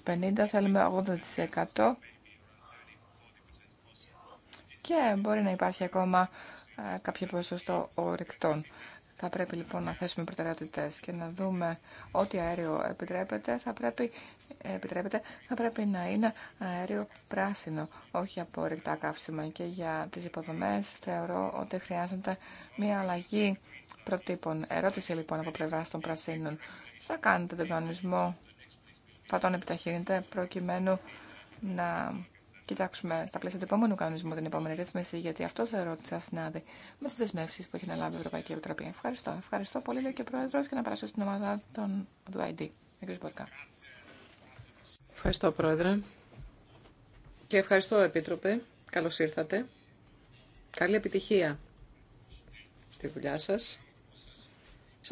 Speaker 1: 2050 θέλουμε 80% και μπορεί να υπάρχει ακόμα ε, κάποιο ποσοστό ορεικτών. Θα πρέπει λοιπόν να θέσουμε προτεραιότητέ και να δούμε ό,τι αέριο επιτρέπεται θα, πρέπει, επιτρέπεται, θα πρέπει να είναι αέριο πράσινο, όχι από ρηκτά καύσιμα. Και για τις υποδομές θεωρώ ότι χρειάζεται μια αλλαγή προτύπων. Ερώτηση λοιπόν από πλευρά των πρασίνων. Θα κάνετε τον κανονισμό, θα τον επιταχύνετε προκειμένου να κοιτάξουμε στα πλαίσια του επόμενου κανονισμού την επόμενη ρύθμιση, γιατί αυτό θεωρώ ότι θα συνάδει με τι δεσμεύσει που έχει αναλάβει η Ευρωπαϊκή Επιτροπή. Ευχαριστώ. Ευχαριστώ πολύ, λέει και ο Πρόεδρο, και να περάσω στην ομάδα των, του ID.
Speaker 3: Ευχαριστώ, Πρόεδρε. Και ευχαριστώ, Επίτροπε. Καλώ ήρθατε. Καλή επιτυχία στη δουλειά σα.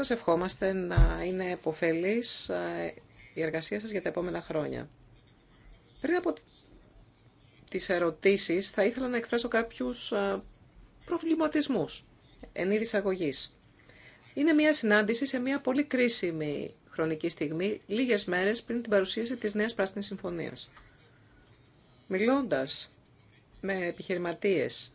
Speaker 3: Σα ευχόμαστε να είναι εποφελή ε, η εργασία σα για τα επόμενα χρόνια. Πριν από τις ερωτήσεις, θα ήθελα να εκφράσω κάποιους ε, προβληματισμούς εν είδη αγωγής. Είναι μια συνάντηση σε μια πολύ κρίσιμη χρονική στιγμή, λίγες μέρες πριν την παρουσίαση της Νέας Πράσινης Συμφωνίας. Μιλώντας με επιχειρηματίες,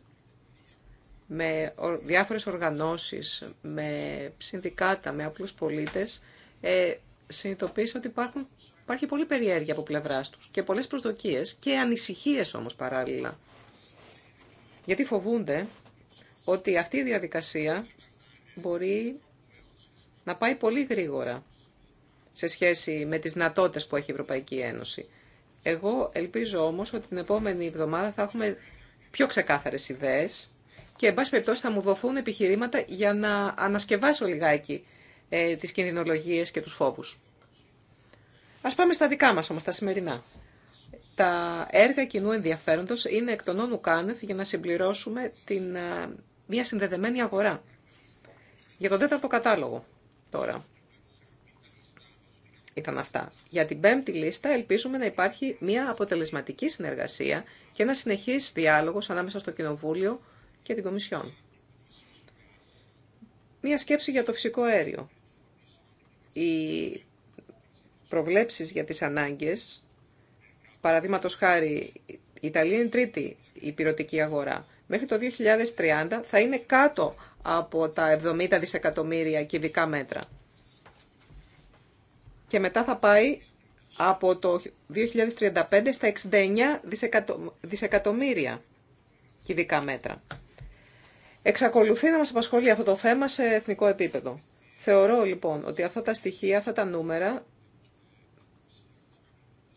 Speaker 3: με διάφορες οργανώσεις, με συνδικάτα, με απλούς πολίτες, ε, συνειδητοποίησα ότι υπάρχουν Υπάρχει πολύ περιέργεια από πλευρά του και πολλέ προσδοκίε και ανησυχίε όμω παράλληλα. Γιατί φοβούνται ότι αυτή η διαδικασία μπορεί να πάει πολύ γρήγορα σε σχέση με τις δυνατότητε που έχει η Ευρωπαϊκή Ένωση. Εγώ ελπίζω όμως ότι την επόμενη εβδομάδα θα έχουμε πιο ξεκάθαρες ιδέες και εν πάση περιπτώσει θα μου δοθούν επιχειρήματα για να ανασκευάσω λιγάκι ε, τις κινδυνολογίες και τους φόβους. Α πάμε στα δικά μας όμως, τα σημερινά. Τα έργα κοινού ενδιαφέροντο είναι εκ των κάνεθ για να συμπληρώσουμε την, ε, μια συνδεδεμένη αγορά. Για τον τέταρτο κατάλογο τώρα ήταν αυτά. Για την πέμπτη λίστα ελπίζουμε να υπάρχει μια αποτελεσματική συνεργασία και ένα συνεχίσει διάλογος ανάμεσα στο Κοινοβούλιο και την Κομισιόν. Μια σκέψη για το φυσικό αέριο. Η προβλέψεις για τις ανάγκες, παραδείγματο χάρη η Ιταλία είναι τρίτη η πυρωτική αγορά, μέχρι το 2030 θα είναι κάτω από τα 70 δισεκατομμύρια κυβικά μέτρα. Και μετά θα πάει από το 2035 στα 69 δισεκατομμύρια κυβικά μέτρα. Εξακολουθεί να μας απασχολεί αυτό το θέμα σε εθνικό επίπεδο. Θεωρώ λοιπόν ότι αυτά τα στοιχεία, αυτά τα νούμερα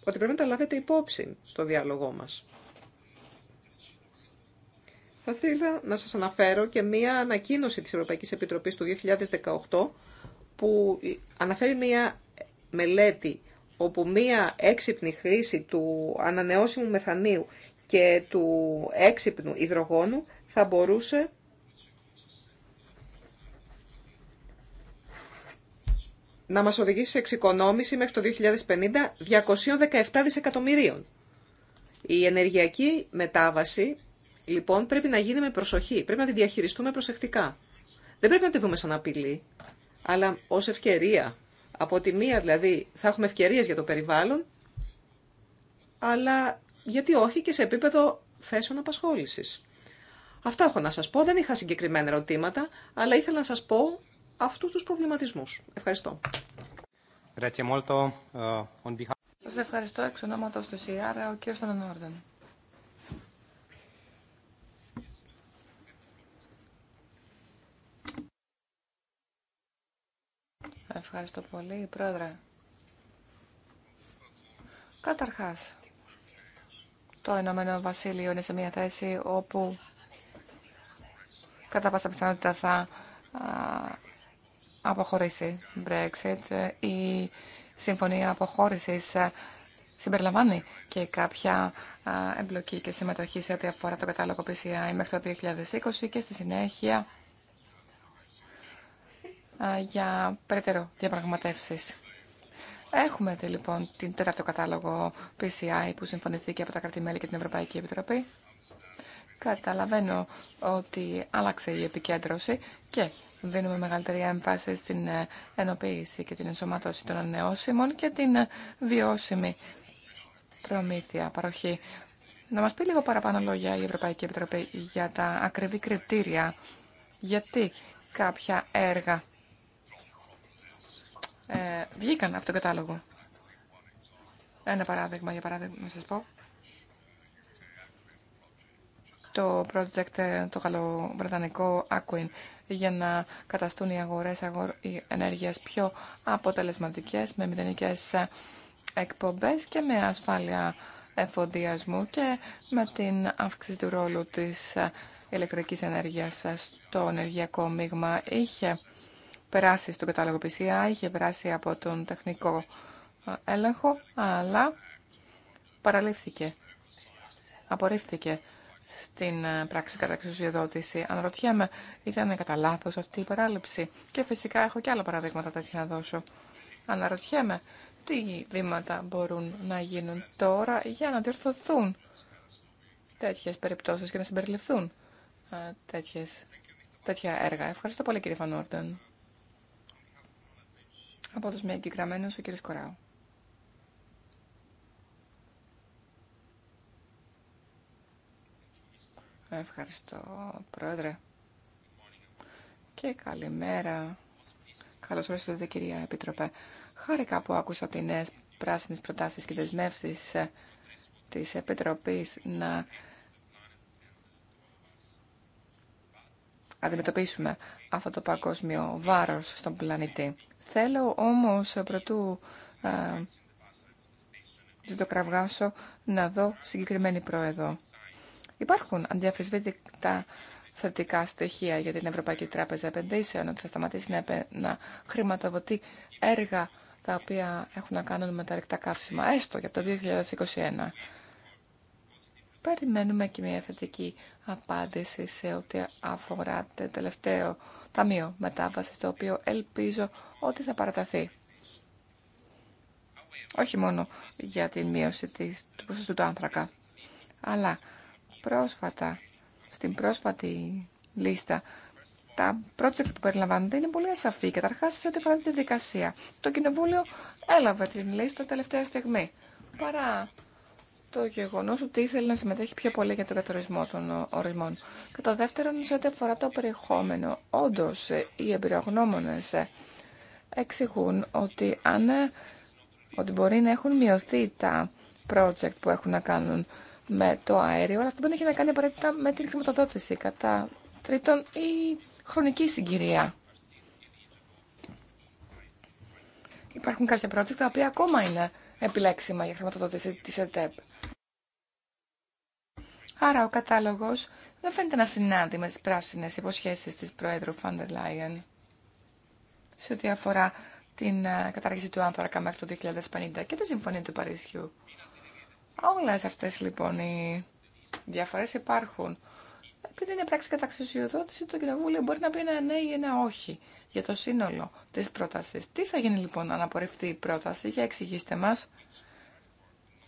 Speaker 3: ότι πρέπει να τα λάβετε υπόψη στο διάλογό μας. Θα ήθελα να σας αναφέρω και μία ανακοίνωση της Ευρωπαϊκής Επιτροπής του 2018 που αναφέρει μία μελέτη όπου μία έξυπνη χρήση του ανανεώσιμου μεθανίου και του έξυπνου υδρογόνου θα μπορούσε να μας οδηγήσει σε εξοικονόμηση μέχρι το 2050 217 δισεκατομμυρίων. Η ενεργειακή μετάβαση λοιπόν πρέπει να γίνει με προσοχή, πρέπει να τη διαχειριστούμε προσεκτικά. Δεν πρέπει να τη δούμε σαν απειλή, αλλά ως ευκαιρία. Από τη μία δηλαδή θα έχουμε ευκαιρίες για το περιβάλλον, αλλά γιατί όχι και σε επίπεδο θέσεων απασχόλησης. Αυτά έχω να σας πω, δεν είχα συγκεκριμένα ερωτήματα, αλλά ήθελα να σας πω
Speaker 1: αυτούς τους προβληματισμούς. Ευχαριστώ.
Speaker 3: Eh,
Speaker 1: Σας ευχαριστώ εξ ονόματος του ΣΥΑΡΑ, ο κύριος Φανανόρδεν. Ευχαριστώ πολύ, Πρόεδρε. Καταρχάς, το Ηνωμένο Βασίλειο είναι σε μια θέση όπου κατά πάσα πιθανότητα θα αποχωρήσει Brexit. Η συμφωνία αποχώρησης ε, συμπεριλαμβάνει και κάποια ε, εμπλοκή και συμμετοχή σε ό,τι αφορά το κατάλογο PCI μέχρι το 2020 και στη συνέχεια ε, για περαιτέρω διαπραγματεύσεις. Έχουμε δει λοιπόν την τέταρτο κατάλογο PCI που συμφωνηθήκε από τα κρατημέλη και την Ευρωπαϊκή Επιτροπή Καταλαβαίνω ότι άλλαξε η επικέντρωση και δίνουμε μεγαλύτερη έμφαση στην ε, ενοποίηση και την ενσωματώση των ανανεώσιμων και την ε, βιώσιμη προμήθεια, παροχή. Να μας πει λίγο παραπάνω λόγια η Ευρωπαϊκή Επιτροπή για τα ακριβή κριτήρια. Γιατί κάποια έργα ε, βγήκαν από τον κατάλογο. Ένα παράδειγμα, για παράδειγμα, να σας πω το project ε, το γαλλοβρετανικό Aquin για να καταστούν οι αγορές οι ενέργειας πιο αποτελεσματικές με μηδενικές ε, εκπομπές και με ασφάλεια εφοδιασμού και με την αύξηση του ρόλου της ε, ηλεκτρικής ενέργειας στο ενεργειακό μείγμα. Είχε περάσει στον κατάλογο PCI, είχε περάσει από τον τεχνικό έλεγχο, αλλά παραλήφθηκε, απορρίφθηκε στην ε, πράξη κατά εξουσιοδότηση. Αναρωτιέμαι, ήταν κατά λάθο αυτή η παράληψη. Και φυσικά έχω και άλλα παραδείγματα τέτοια να δώσω. Αναρωτιέμαι, τι βήματα μπορούν να γίνουν τώρα για να διορθωθούν τέτοιε περιπτώσεις και να συμπεριληφθούν ε, τέτοιες, τέτοια έργα. Ευχαριστώ πολύ κύριε Φανόρντεν. Από τους μία ο κύριος Κοράου. Ευχαριστώ, Πρόεδρε. Και καλημέρα. Καλώ ήρθατε, κυρία Επίτροπε. Χάρηκα που άκουσα τι νέε πράσινε προτάσει και δεσμεύσει ε, τη Επιτροπή να αντιμετωπίσουμε αυτό το παγκόσμιο βάρο στον πλανήτη. Θέλω όμως πρωτού ε, το ε, κραυγάσω να δω συγκεκριμένη πρόεδρο. Υπάρχουν αντιαφισβήτητα θετικά στοιχεία για την Ευρωπαϊκή Τράπεζα Επενδύσεων, ότι θα σταματήσει να, να χρηματοδοτεί έργα τα οποία έχουν να κάνουν με τα ρεκτά καύσιμα, έστω και από το 2021. Περιμένουμε και μια θετική απάντηση σε ό,τι αφορά το τελευταίο ταμείο μετάβαση, το οποίο ελπίζω ότι θα παραταθεί. Όχι μόνο για τη μείωση της, του του άνθρακα, αλλά πρόσφατα, στην πρόσφατη λίστα, τα project που περιλαμβάνονται είναι πολύ ασαφή. Καταρχάς, σε ό,τι αφορά τη διαδικασία. Το Κοινοβούλιο έλαβε την λίστα τελευταία στιγμή. Παρά το γεγονό ότι ήθελε να συμμετέχει πιο πολύ για τον καθορισμό των ορισμών. Κατά δεύτερον, σε ό,τι αφορά το περιεχόμενο, όντω οι εμπειρογνώμονε εξηγούν ότι, ότι μπορεί να έχουν μειωθεί τα project που έχουν να κάνουν με το αέριο, αλλά αυτό δεν έχει να κάνει απαραίτητα με την χρηματοδότηση. Κατά τρίτον, η χρονική συγκυρία. Υπάρχουν κάποια project τα οποία ακόμα είναι επιλέξιμα για χρηματοδότηση τη ΕΤΕΠ. Άρα ο κατάλογο δεν φαίνεται να συνάδει με τι πράσινε υποσχέσεις τη Προέδρου Φάντερ Λάιεν σε ό,τι αφορά την ε, κατάργηση του άνθρακα μέχρι το 2050 και τη Συμφωνία του Παρίσιου. Όλες αυτές λοιπόν οι διαφορές υπάρχουν. Επειδή είναι πράξη κατά το κοινοβούλιο μπορεί να πει ένα ναι ή ένα όχι για το σύνολο της πρότασης. Τι θα γίνει λοιπόν αν απορριφθεί η πρόταση, για εξηγήστε μας.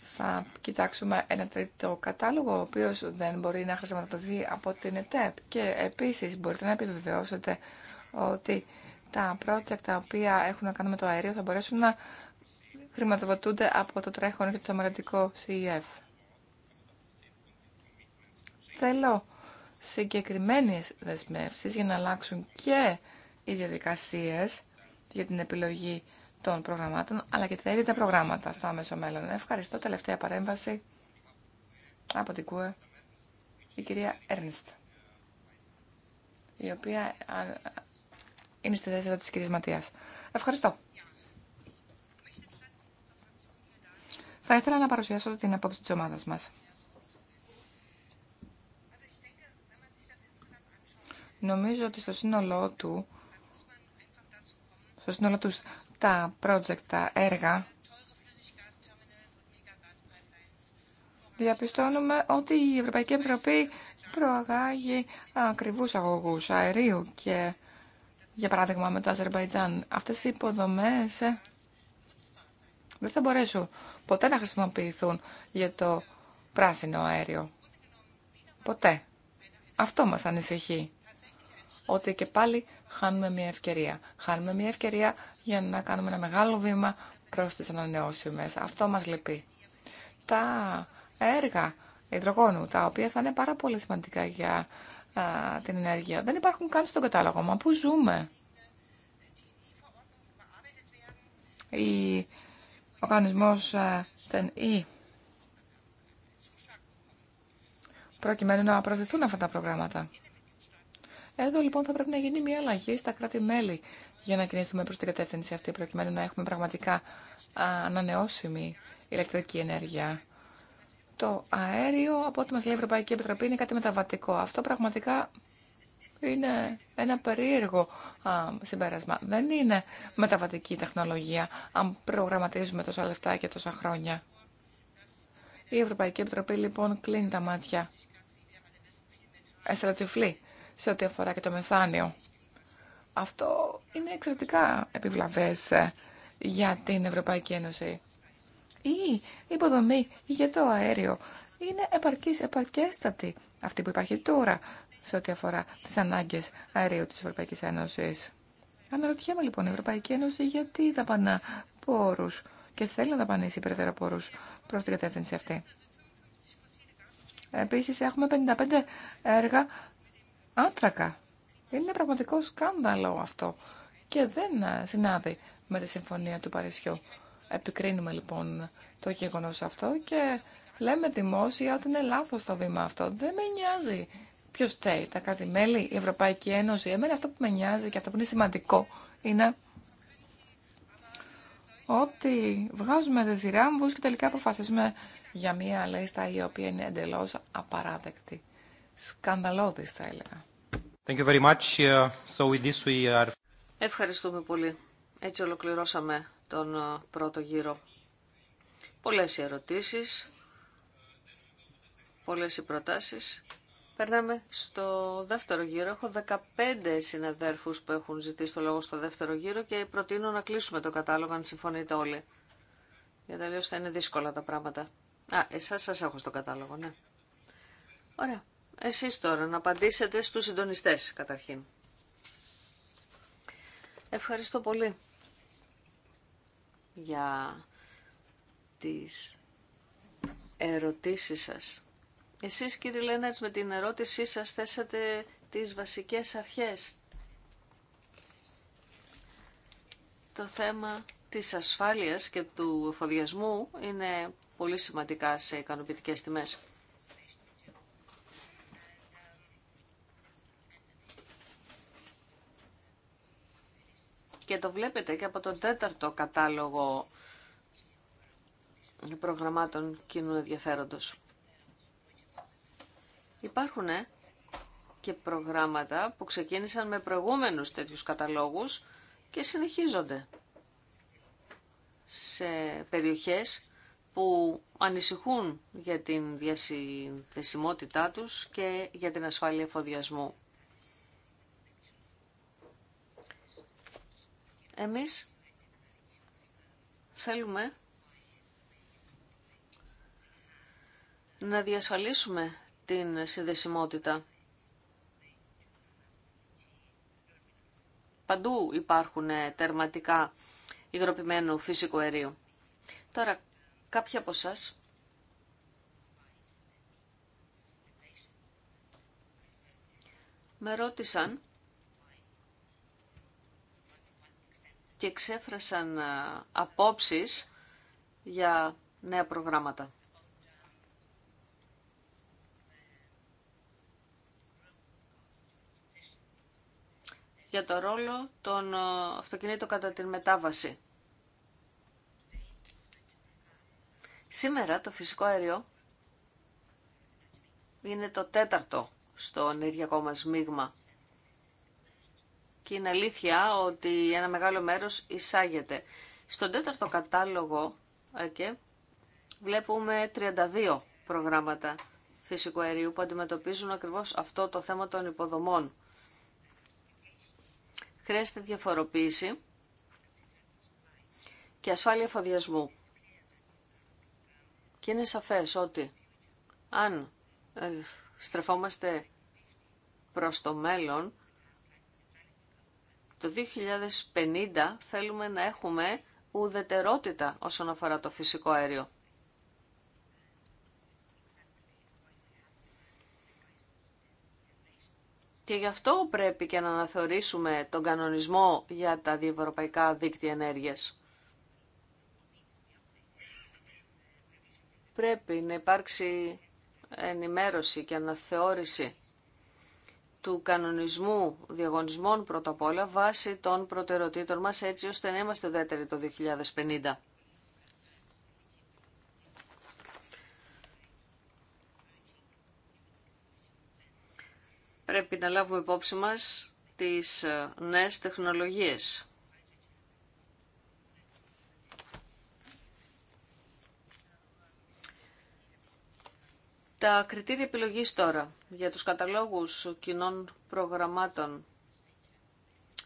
Speaker 1: Θα κοιτάξουμε ένα τρίτο κατάλογο, ο οποίο δεν μπορεί να χρησιμοποιηθεί από την ΕΤΕΠ. Και επίση μπορείτε να επιβεβαιώσετε ότι τα project τα οποία έχουν να κάνουν με το αέριο θα μπορέσουν να χρηματοδοτούνται από το τρέχον και το θεμαρατικό CEF. Θέλω συγκεκριμένες δεσμεύσεις για να αλλάξουν και οι διαδικασίες για την επιλογή των προγραμμάτων, αλλά και τα ίδια τα προγράμματα στο άμεσο μέλλον. Ευχαριστώ. Τελευταία παρέμβαση από την ΚΟΕ, η κυρία Έρνστ, η οποία είναι στη θέση εδώ της κυρίας Ματίας. Ευχαριστώ. Θα ήθελα να παρουσιάσω την απόψη της ομάδας μας. Νομίζω ότι στο σύνολό του, στο σύνολό τους, τα project, τα έργα, διαπιστώνουμε ότι η Ευρωπαϊκή Επιτροπή προαγάγει ακριβούς αγωγούς αερίου και, για παράδειγμα, με το Αζερβαϊτζάν. Αυτές οι υποδομές ε, δεν θα μπορέσουν ποτέ να χρησιμοποιηθούν για το πράσινο αέριο. Ποτέ. Αυτό μας ανησυχεί. Ότι και πάλι χάνουμε μια ευκαιρία. Χάνουμε μια ευκαιρία για να κάνουμε ένα μεγάλο βήμα προς τις ανανεώσιμες. Αυτό μας λυπεί. Τα έργα υδρογόνου, τα οποία θα είναι πάρα πολύ σημαντικά για την ενέργεια, δεν υπάρχουν καν στον κατάλογο. Μα πού ζούμε ο κανονισμός TEN-E ε, προκειμένου να προωθηθούν αυτά τα προγράμματα. Εδώ λοιπόν θα πρέπει να γίνει μια αλλαγή στα κράτη-μέλη για να κινηθούμε προς την κατεύθυνση αυτή προκειμένου να έχουμε πραγματικά ανανεώσιμη ηλεκτρική ενέργεια. Το αέριο, από ό,τι μας λέει η Ευρωπαϊκή Επιτροπή, είναι κάτι μεταβατικό. Αυτό πραγματικά είναι ένα περίεργο α, συμπέρασμα. Δεν είναι μεταβατική τεχνολογία, αν προγραμματίζουμε τόσα λεφτά και τόσα χρόνια. Η Ευρωπαϊκή Επιτροπή λοιπόν κλείνει τα μάτια. Εστρατιφλή σε ό,τι αφορά και το μεθάνιο. Αυτό είναι εξαιρετικά επιβλαβές ε, για την Ευρωπαϊκή Ένωση. Η υποδομή για το αέριο είναι επαρκής, επαρκέστατη αυτή που υπάρχει τώρα σε ό,τι αφορά τις ανάγκες αερίου της Ευρωπαϊκής Ένωσης. Αναρωτιέμαι λοιπόν η Ευρωπαϊκή Ένωση γιατί δαπανά πόρους και θέλει να δαπανήσει περαιτέρω πόρους προς την κατεύθυνση αυτή. Επίσης έχουμε 55 έργα άνθρακα. Είναι πραγματικό σκάνδαλο αυτό και δεν συνάδει με τη Συμφωνία του Παρισιού. Επικρίνουμε λοιπόν το γεγονό αυτό και λέμε δημόσια ότι είναι λάθος το βήμα αυτό. Δεν με νοιάζει Ποιο θέλει, τα κράτη-μέλη, η Ευρωπαϊκή Ένωση. Εμένα αυτό που με νοιάζει και αυτό που είναι σημαντικό είναι ότι βγάζουμε δεδυράμβους και τελικά αποφασίζουμε για μία λίστα η οποία είναι εντελώς απαράδεκτη. Σκανδαλώδης θα έλεγα.
Speaker 3: Thank you very much. So with this we are...
Speaker 2: Ευχαριστούμε πολύ. Έτσι ολοκληρώσαμε τον ε, πρώτο γύρο. Πολλές οι ερωτήσεις, πολλές οι προτάσεις. Περνάμε στο δεύτερο γύρο. Έχω 15 συναδέρφους που έχουν ζητήσει το λόγο στο δεύτερο γύρο και προτείνω να κλείσουμε το κατάλογο αν συμφωνείτε όλοι. Γιατί αλλιώ θα είναι δύσκολα τα πράγματα. Α, εσά σα έχω στο κατάλογο, ναι. Ωραία. Εσεί τώρα να απαντήσετε στου συντονιστέ καταρχήν. Ευχαριστώ πολύ για τις ερωτήσεις σας. Εσείς κύριε Λένερτς, με την ερώτησή σας θέσατε τις βασικές αρχές. Το θέμα της ασφάλειας και του εφοδιασμού είναι πολύ σημαντικά σε ικανοποιητικέ τιμές. Και το βλέπετε και από τον τέταρτο κατάλογο προγραμμάτων κοινού ενδιαφέροντος. Υπάρχουν και προγράμματα που ξεκίνησαν με προηγούμενους τέτοιους καταλόγους και συνεχίζονται σε περιοχές που ανησυχούν για την διασυνδεσιμότητά τους και για την ασφάλεια εφοδιασμού. Εμείς θέλουμε να διασφαλίσουμε την συνδεσιμότητα. Παντού υπάρχουν ε, τερματικά υγροποιημένου φυσικού αερίου. Τώρα, κάποιοι από εσά. Με ρώτησαν και εξέφρασαν ε, απόψεις για νέα προγράμματα. για το ρόλο των ε, αυτοκινήτων κατά την μετάβαση. Σήμερα το φυσικό αέριο είναι το τέταρτο στο ενεργειακό μας μείγμα. Και είναι αλήθεια ότι ένα μεγάλο μέρος εισάγεται. Στον τέταρτο κατάλογο okay, βλέπουμε 32 προγράμματα φυσικού αερίου που αντιμετωπίζουν ακριβώς αυτό το θέμα των υποδομών χρειάζεται διαφοροποίηση και ασφάλεια εφοδιασμού. Και είναι σαφές ότι αν ε, στρεφόμαστε προς το μέλλον, το 2050 θέλουμε να έχουμε ουδετερότητα όσον αφορά το φυσικό αέριο. Και γι' αυτό πρέπει και να αναθεωρήσουμε τον κανονισμό για τα διευρωπαϊκά δίκτυα ενέργειας. Πρέπει να υπάρξει ενημέρωση και αναθεώρηση του κανονισμού διαγωνισμών πρώτα απ' όλα βάσει των προτεραιοτήτων μας έτσι ώστε να είμαστε δέτεροι το 2050. πρέπει να λάβουμε υπόψη μας τις ε, νέες τεχνολογίες. Τα κριτήρια επιλογής τώρα για τους καταλόγους κοινών προγραμμάτων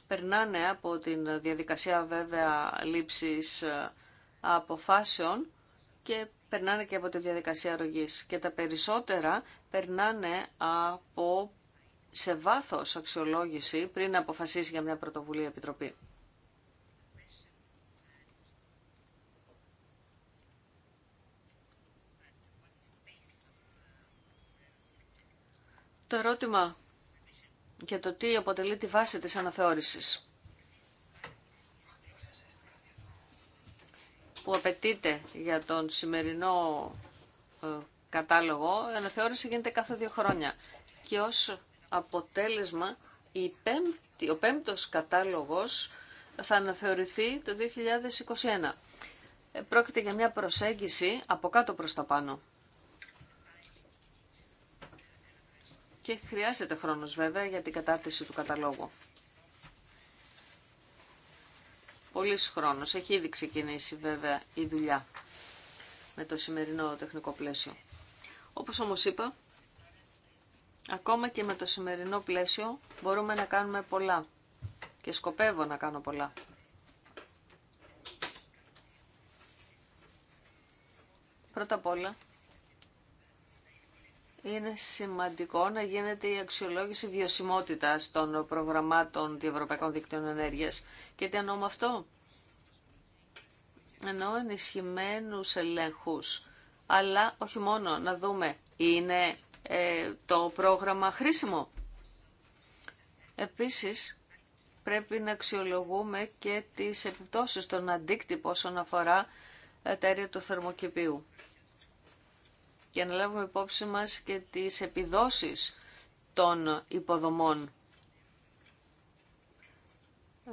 Speaker 2: περνάνε από την διαδικασία βέβαια λήψης ε, αποφάσεων και περνάνε και από τη διαδικασία ρογής. Και τα περισσότερα περνάνε από σε βάθος αξιολόγηση πριν να αποφασίσει για μια πρωτοβουλία επιτροπή. Το ερώτημα για το τι αποτελεί τη βάση της αναθεώρησης που απαιτείται για τον σημερινό ε, κατάλογο, η αναθεώρηση γίνεται κάθε δύο χρόνια. Και ως αποτέλεσμα η πέμπτη, ο πέμπτος κατάλογος θα αναθεωρηθεί το 2021. Ε, πρόκειται για μια προσέγγιση από κάτω προς τα πάνω. Και χρειάζεται χρόνος βέβαια για την κατάρτιση του καταλόγου. Πολύ χρόνος. Έχει ήδη ξεκινήσει βέβαια η δουλειά με το σημερινό τεχνικό πλαίσιο. Όπως όμως είπα, Ακόμα και με το σημερινό πλαίσιο μπορούμε να κάνουμε πολλά και σκοπεύω να κάνω πολλά. Πρώτα απ' όλα, είναι σημαντικό να γίνεται η αξιολόγηση βιωσιμότητας των προγραμμάτων Ευρωπαϊκών δικτύων ενέργειας. Και τι εννοώ με αυτό. Εννοώ ενισχυμένους ελέγχους. Αλλά όχι μόνο να δούμε είναι ε, το πρόγραμμα χρήσιμο. Επίσης, πρέπει να αξιολογούμε και τις επιπτώσεις των αντίκτυπων όσον αφορά τα αίρια του θερμοκηπίου. Και να λάβουμε υπόψη μας και τις επιδόσεις των υποδομών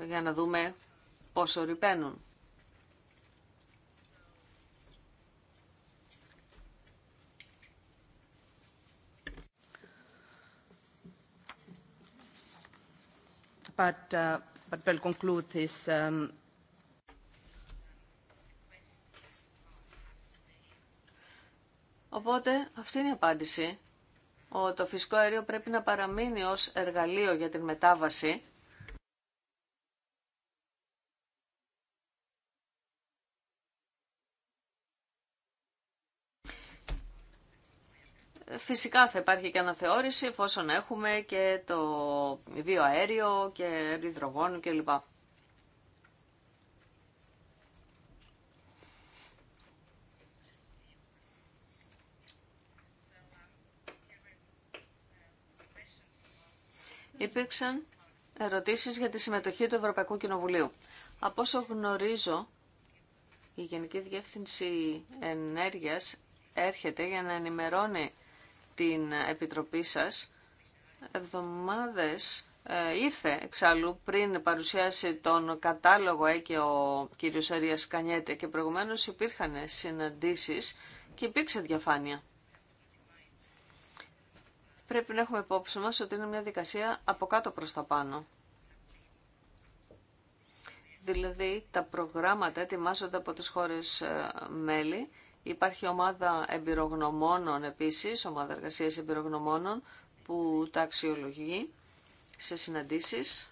Speaker 2: για να δούμε πόσο ρηπαίνουν. Uh, um, Οπότε αυτή είναι η απάντηση. Ο, το φυσικό αέριο πρέπει να παραμείνει ως εργαλείο για την μετάβαση Φυσικά θα υπάρχει και αναθεώρηση εφόσον έχουμε και το βιοαέριο και υδρογόνο κλπ. Υπήρξαν ερωτήσεις για τη συμμετοχή του Ευρωπαϊκού Κοινοβουλίου. Από όσο γνωρίζω, η Γενική Διεύθυνση Ενέργειας έρχεται για να ενημερώνει την Επιτροπή σας. Εβδομάδες ε, ήρθε εξάλλου πριν παρουσιάσει τον κατάλογο ε, και ο κύριος Αρίας Κανιέτε και προηγουμένως υπήρχαν συναντήσεις και υπήρξε διαφάνεια. Πρέπει να έχουμε υπόψη μας ότι είναι μια δικασία από κάτω προς τα πάνω. Δηλαδή τα προγράμματα ετοιμάζονται από τις χώρες ε, μέλη Υπάρχει ομάδα εμπειρογνωμόνων επίσης, ομάδα εργασίας εμπειρογνωμόνων που τα αξιολογεί σε συναντήσεις.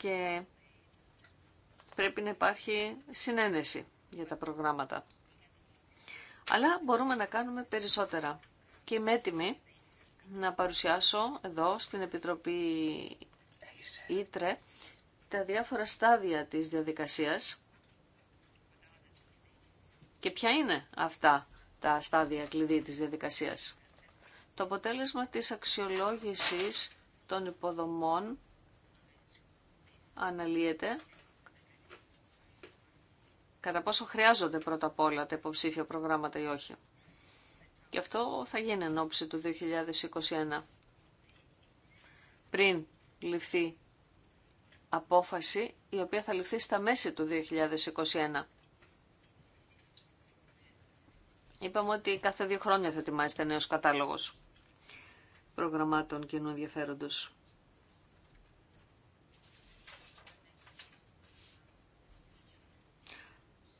Speaker 2: Και πρέπει να υπάρχει συνένεση για τα προγράμματα. Αλλά μπορούμε να κάνουμε περισσότερα. Και είμαι έτοιμη να παρουσιάσω εδώ στην Επιτροπή Ήτρε τα διάφορα στάδια της διαδικασίας και ποια είναι αυτά τα στάδια κλειδί της διαδικασίας. Το αποτέλεσμα της αξιολόγησης των υποδομών αναλύεται κατά πόσο χρειάζονται πρώτα απ' όλα τα υποψήφια προγράμματα ή όχι. Και αυτό θα γίνει εν ώψη του 2021. Πριν ληφθεί απόφαση η οποία θα ληφθεί στα μέση του 2021. Είπαμε ότι κάθε δύο χρόνια θα ετοιμάζεται νέος κατάλογος προγραμμάτων κοινού ενδιαφέροντος.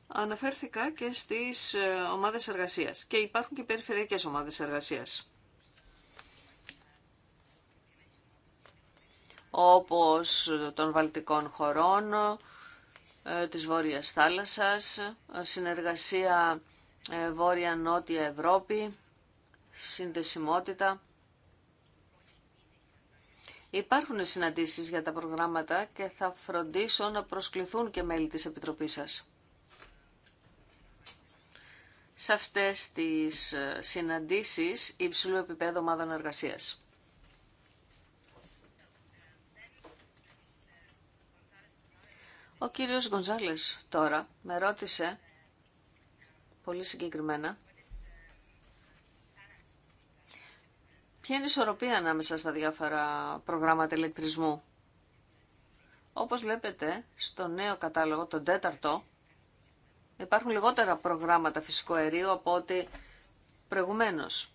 Speaker 2: Αναφέρθηκα και στις ε, ομάδες εργασίας και υπάρχουν και περιφερειακές ομάδες εργασίας. όπως των Βαλτικών χωρών, ε, της Βόρειας Θάλασσας, ε, συνεργασία ε, Βόρεια-Νότια Ευρώπη, συνδεσιμότητα. Υπάρχουν συναντήσεις για τα προγράμματα και θα φροντίσω να προσκληθούν και μέλη της Επιτροπής σας. Σε αυτές τις συναντήσεις υψηλού επίπεδου ομάδων εργασίας. Ο κύριος Γκονζάλης τώρα με ρώτησε πολύ συγκεκριμένα ποια είναι η ισορροπία ανάμεσα στα διάφορα προγράμματα ηλεκτρισμού. Όπως βλέπετε στο νέο κατάλογο, τον τέταρτο, υπάρχουν λιγότερα προγράμματα φυσικού αερίου από ό,τι προηγουμένως.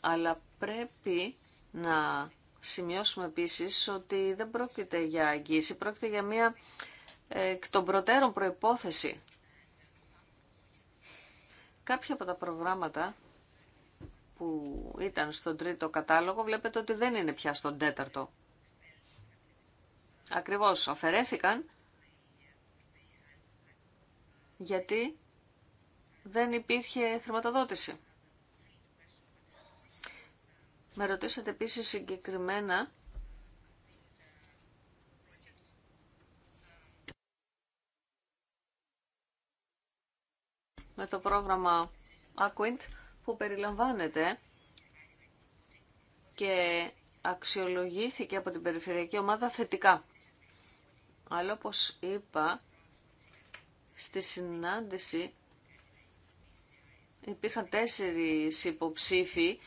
Speaker 2: Αλλά πρέπει να σημειώσουμε επίσης ότι δεν πρόκειται για αγγίση, πρόκειται για μια εκ των προτέρων προϋπόθεση. Κάποια από τα προγράμματα που ήταν στον τρίτο κατάλογο βλέπετε ότι δεν είναι πια στον τέταρτο. Ακριβώς αφαιρέθηκαν γιατί δεν υπήρχε χρηματοδότηση. Με ρωτήσατε επίσης συγκεκριμένα με το πρόγραμμα Aquint που περιλαμβάνεται και αξιολογήθηκε από την Περιφερειακή Ομάδα θετικά. Αλλά όπως είπα, στη συνάντηση υπήρχαν τέσσερις υποψήφοι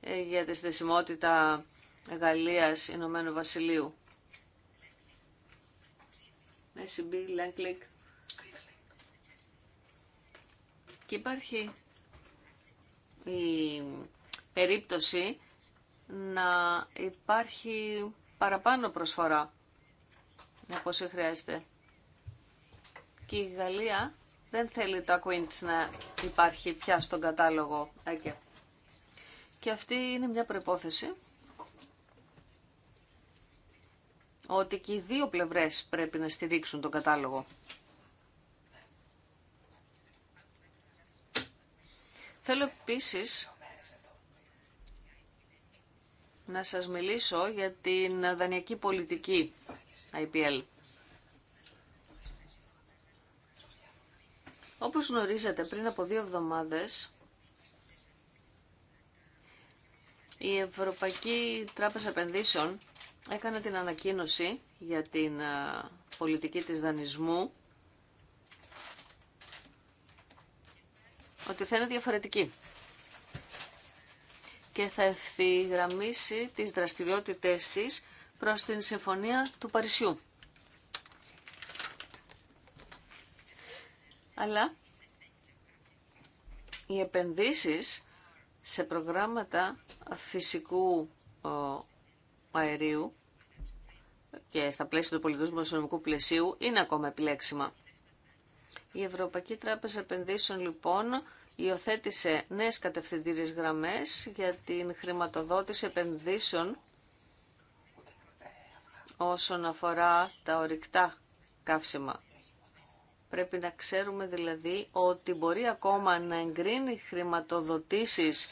Speaker 2: ε, για τη στεσιμότητα Γαλλίας Ηνωμένου Βασιλείου. SB, ε, Και υπάρχει η περίπτωση να υπάρχει παραπάνω προσφορά από όσο χρειάζεται. Και η Γαλλία δεν θέλει το Aquint να υπάρχει πια στον κατάλογο Και αυτή είναι μια προϋπόθεση ότι και οι δύο πλευρές πρέπει να στηρίξουν τον κατάλογο. Θέλω επίσης να σας μιλήσω για την δανειακή πολιτική IPL. Όπως γνωρίζετε, πριν από δύο εβδομάδες η Ευρωπαϊκή Τράπεζα Επενδύσεων έκανε την ανακοίνωση για την ε, πολιτική της δανεισμού ότι θα είναι διαφορετική και θα ευθυγραμμίσει τις δραστηριότητες της προς την Συμφωνία του Παρισιού. Αλλά οι επενδύσεις σε προγράμματα φυσικού αερίου και στα πλαίσια του πολιτισμού οικονομικού πλαισίου είναι ακόμα επιλέξιμα. Η Ευρωπαϊκή Τράπεζα Επενδύσεων λοιπόν υιοθέτησε νέες κατευθυντήριες γραμμές για την χρηματοδότηση επενδύσεων όσον αφορά τα ορυκτά καύσιμα. Πρέπει να ξέρουμε δηλαδή ότι μπορεί ακόμα να εγκρίνει χρηματοδοτήσεις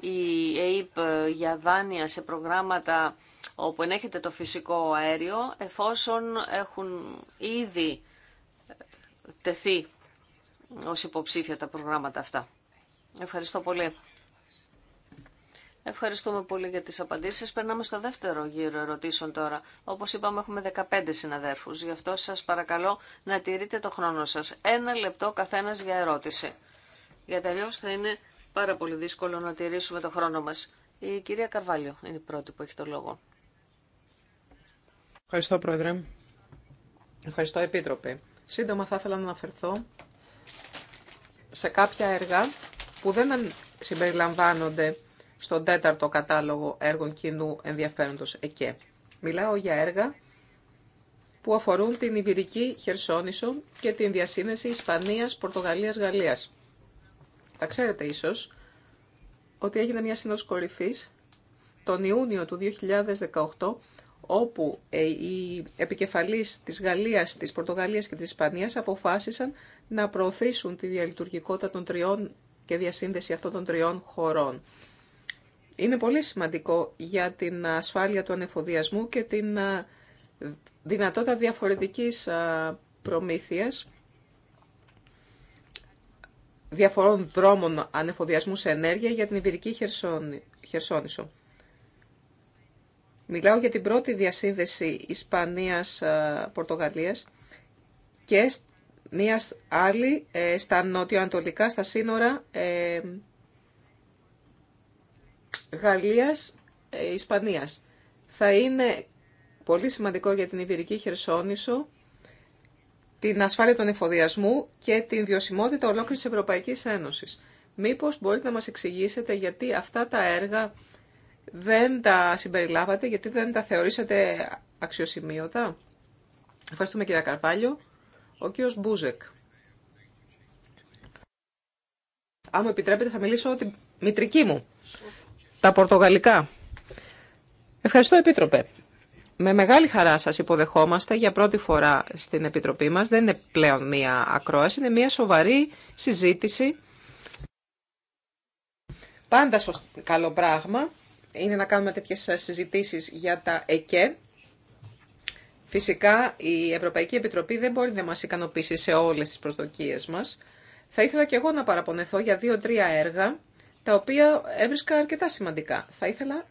Speaker 2: η ΕΕΠ για δάνεια σε προγράμματα όπου ενέχεται το φυσικό αέριο εφόσον έχουν ήδη τεθεί ως υποψήφια τα προγράμματα αυτά. Ευχαριστώ πολύ. Ευχαριστούμε πολύ για τις απαντήσεις. Περνάμε στο δεύτερο γύρο ερωτήσεων τώρα. Όπως είπαμε έχουμε 15 συναδέρφους, γι' αυτό σας παρακαλώ να τηρείτε το χρόνο σας. Ένα λεπτό καθένας για ερώτηση. Για τελειώς θα είναι πάρα πολύ δύσκολο να τηρήσουμε το χρόνο μας. Η κυρία Καρβάλιο είναι η πρώτη που έχει το λόγο.
Speaker 3: Ευχαριστώ Πρόεδρε. Ευχαριστώ Επίτροπε. Σύντομα θα ήθελα να αναφερθώ σε κάποια έργα που δεν συμπεριλαμβάνονται στον τέταρτο κατάλογο έργων κοινού ενδιαφέροντος ΕΚΕ. Μιλάω για έργα που αφορούν την Ιβυρική Χερσόνησο και την διασυνεση Ισπανίας, Πορτογαλίας, Γαλλίας. Θα ξέρετε ίσως ότι έγινε μια σύνοδος τον Ιούνιο του 2018 όπου ε, οι επικεφαλείς της Γαλλίας, της Πορτογαλίας και της Ισπανίας αποφάσισαν να προωθήσουν τη διαλειτουργικότητα των τριών και διασύνδεση αυτών των τριών χωρών. Είναι πολύ σημαντικό για την ασφάλεια του ανεφοδιασμού και την ε, δυνατότητα διαφορετικής ε, προμήθειας διαφορών δρόμων ανεφοδιασμού σε ενέργεια για την Ιβυρική Χερσόνησο. Μιλάω για την πρώτη διασύνδεση Ισπανίας-Πορτογαλίας ε, και μία άλλη ε, στα νοτιοανατολικά, στα σύνορα ε, Γαλλίας-Ισπανίας. Ε, Θα είναι πολύ σημαντικό για την Ιβηρική Χερσόνησο, την ασφάλεια των εφοδιασμού και την βιωσιμότητα ολόκληρης Ευρωπαϊκής Ένωσης. Μήπως μπορείτε να μας εξηγήσετε γιατί αυτά τα έργα δεν τα συμπεριλάβατε γιατί δεν τα θεωρήσατε αξιοσημείωτα. Ευχαριστούμε κύριε Καρβάλιο. Ο κύριος Μπούζεκ. Αν μου επιτρέπετε θα μιλήσω ότι μητρική μου. Τα πορτογαλικά. Ευχαριστώ Επίτροπε. Με μεγάλη χαρά σας υποδεχόμαστε για πρώτη φορά στην Επιτροπή μας. Δεν είναι πλέον μία ακρόαση, είναι μία σοβαρή συζήτηση. Πάντα σωστή, καλό πράγμα είναι να κάνουμε τέτοιες ε, συζητήσεις για τα ΕΚΕ. Φυσικά η Ευρωπαϊκή Επιτροπή δεν μπορεί να μας ικανοποιήσει σε όλες τις προσδοκίες μας. Θα ήθελα και εγώ να παραπονεθώ για δύο-τρία έργα, τα οποία έβρισκα αρκετά σημαντικά. Θα ήθελα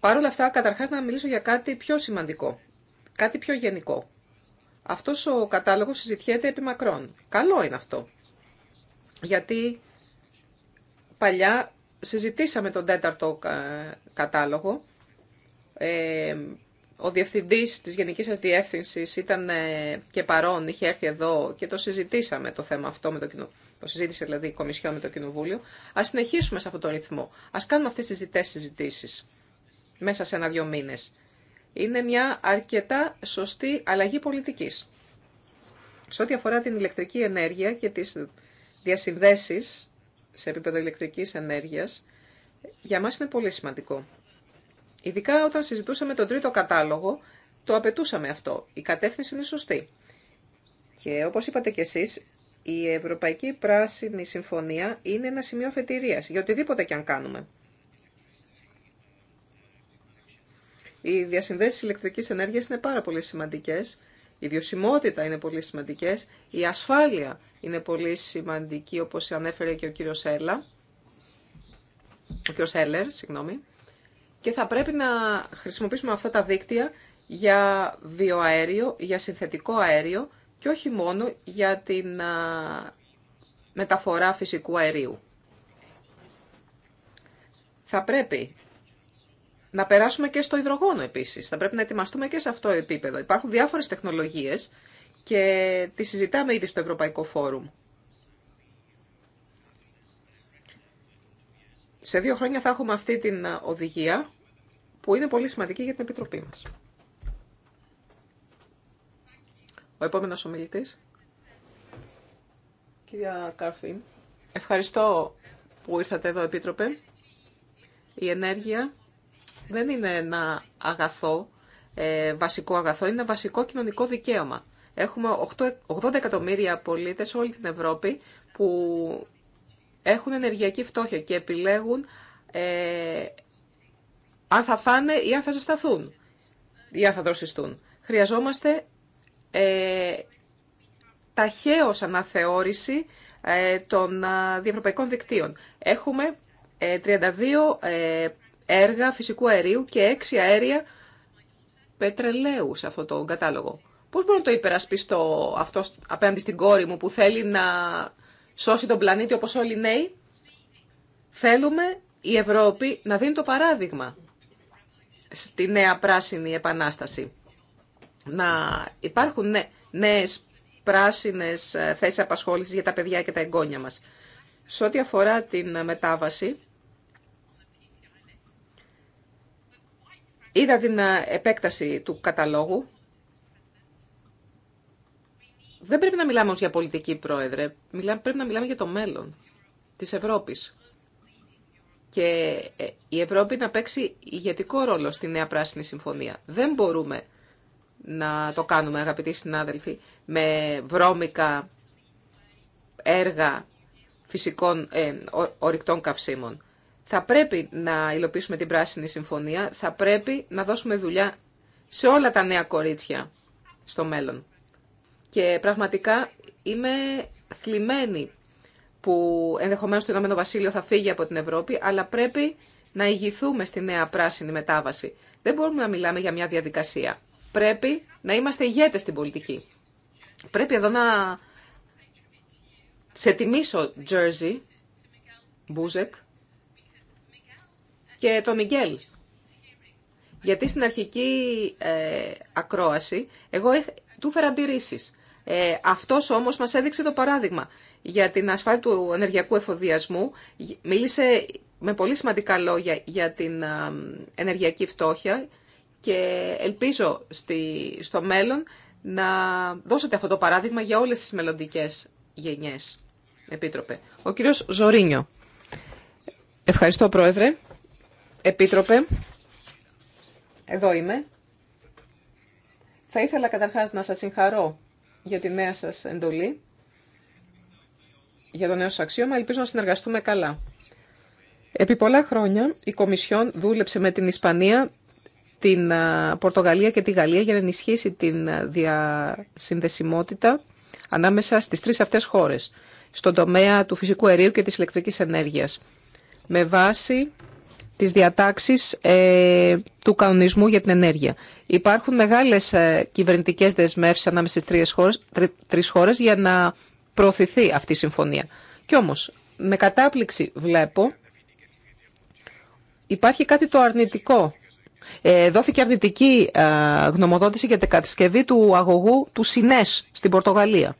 Speaker 3: παρόλα αυτά, καταρχάς να μιλήσω για κάτι πιο σημαντικό, κάτι πιο γενικό. Αυτός ο κατάλογος συζητιέται επί μακρόν. Καλό είναι αυτό. Γιατί παλιά συζητήσαμε τον τέταρτο ε, κατάλογο. Ε, ο διευθυντής της Γενικής σας Διεύθυνσης ήταν ε, και παρόν, είχε έρθει εδώ και το συζητήσαμε το θέμα αυτό με το κοινό. Το συζήτησε δηλαδή η Κομισιόν με το Κοινοβούλιο. Ας συνεχίσουμε σε αυτόν τον ρυθμό. Ας κάνουμε αυτές τις ζητές συζητήσεις μέσα σε ένα-δυο μήνες. Είναι μια αρκετά σωστή αλλαγή πολιτικής. Σε ό,τι αφορά την ηλεκτρική ενέργεια και τις διασυνδέσεις σε επίπεδο ηλεκτρικής ενέργειας για μας είναι πολύ σημαντικό. Ειδικά όταν συζητούσαμε τον τρίτο κατάλογο, το απαιτούσαμε αυτό. Η κατεύθυνση είναι σωστή. Και όπως είπατε κι εσείς, η Ευρωπαϊκή Πράσινη Συμφωνία είναι ένα σημείο αφετηρίας για οτιδήποτε κι αν κάνουμε. Οι διασυνδέσεις ηλεκτρικής ενέργειας είναι πάρα πολύ σημαντικές, η βιωσιμότητα είναι πολύ σημαντικές, η ασφάλεια είναι πολύ σημαντική, όπως ανέφερε και ο κύριος Έλα, ο κύριος Έλερ, συγγνώμη, και θα πρέπει να χρησιμοποιήσουμε αυτά τα δίκτυα για βιοαέριο, για συνθετικό αέριο και όχι μόνο για την μεταφορά φυσικού αερίου. Θα πρέπει να περάσουμε και στο υδρογόνο επίσης. Θα πρέπει να ετοιμαστούμε και σε αυτό το επίπεδο. Υπάρχουν διάφορες τεχνολογίες και τη συζητάμε ήδη στο Ευρωπαϊκό Φόρουμ. Σε δύο χρόνια θα έχουμε αυτή την οδηγία που είναι πολύ σημαντική για την Επιτροπή μας. Ο επόμενος ομιλητής. Κυρία Καρφίν, ευχαριστώ που ήρθατε εδώ, Επίτροπε. Η ενέργεια δεν είναι ένα αγαθό, ε, βασικό αγαθό, είναι ένα βασικό κοινωνικό δικαίωμα. Έχουμε 80 εκατομμύρια πολίτες σε όλη την Ευρώπη που έχουν ενεργειακή φτώχεια και επιλέγουν ε, αν θα φάνε ή αν θα ζεσταθούν ή αν θα δροσιστούν. Χρειαζόμαστε ε, ταχαίως αναθεώρηση ε, των ε, διευρωπαϊκών δικτύων. Έχουμε 32 ε, ε, έργα φυσικού αερίου και 6 αέρια πετρελαίου σε αυτό το κατάλογο. Πώς μπορώ να το υπερασπιστώ αυτό απέναντι στην κόρη μου που θέλει να σώσει τον πλανήτη όπως όλοι οι νέοι. Θέλουμε η Ευρώπη να δίνει το παράδειγμα στη νέα πράσινη επανάσταση. Να υπάρχουν νέες πράσινες ε, θέσεις απασχόλησης για τα παιδιά και τα εγγόνια μας. Σε ό,τι αφορά την μετάβαση, είδα την ε, επέκταση του καταλόγου δεν πρέπει να μιλάμε ως για πολιτική, Πρόεδρε. Μιλάμε, πρέπει να μιλάμε για το μέλλον της Ευρώπης. Και ε, η Ευρώπη να παίξει ηγετικό ρόλο στη Νέα Πράσινη Συμφωνία. Δεν μπορούμε να το κάνουμε, αγαπητοί συνάδελφοι, με βρώμικα έργα φυσικών ε, καυσίμων. Θα πρέπει να υλοποιήσουμε την Πράσινη Συμφωνία, θα πρέπει να δώσουμε δουλειά σε όλα τα νέα κορίτσια στο μέλλον. Και πραγματικά είμαι θλιμμένη που ενδεχομένως το Ηνωμένο Βασίλειο θα φύγει από την Ευρώπη, αλλά πρέπει να ηγηθούμε στη νέα πράσινη μετάβαση. Δεν μπορούμε να μιλάμε για μια διαδικασία. Πρέπει να είμαστε ηγέτες στην πολιτική. Πρέπει εδώ να σε τιμήσω Τζέρζι, Μπούζεκ και το Μιγγέλ. Γιατί στην αρχική ε, ακρόαση εγώ του έφερα αντιρρήσεις. Ε, αυτός όμως μας έδειξε το παράδειγμα για την ασφάλεια του ενεργειακού εφοδιασμού. Μίλησε με πολύ σημαντικά λόγια για την ενεργειακή φτώχεια και ελπίζω στη, στο μέλλον να δώσετε αυτό το παράδειγμα για όλες τις μελλοντικές γενιές. Επίτροπε. Ο κύριος Ζωρίνιο. Ευχαριστώ, Πρόεδρε. Επίτροπε, εδώ είμαι. Θα ήθελα καταρχάς να σας συγχαρώ για τη νέα σας εντολή, για το νέο σας αξίωμα. Ελπίζω να συνεργαστούμε καλά. Επί πολλά χρόνια η Κομισιόν δούλεψε με την Ισπανία, την Πορτογαλία και τη Γαλλία για να ενισχύσει την διασυνδεσιμότητα ανάμεσα στις τρεις αυτές χώρες, στον τομέα του φυσικού αερίου και της ηλεκτρικής ενέργειας, με βάση τις διατάξεις ε, του κανονισμού για την ενέργεια. Υπάρχουν μεγάλες ε, κυβερνητικές δεσμεύσεις ανάμεσα στις τρεις χώρες, χώρες για να προωθηθεί αυτή η συμφωνία. Κι όμως, με κατάπληξη βλέπω, υπάρχει κάτι το αρνητικό. Ε, δόθηκε αρνητική ε, γνωμοδότηση για την κατασκευή του αγωγού του Σινές στην Πορτογαλία.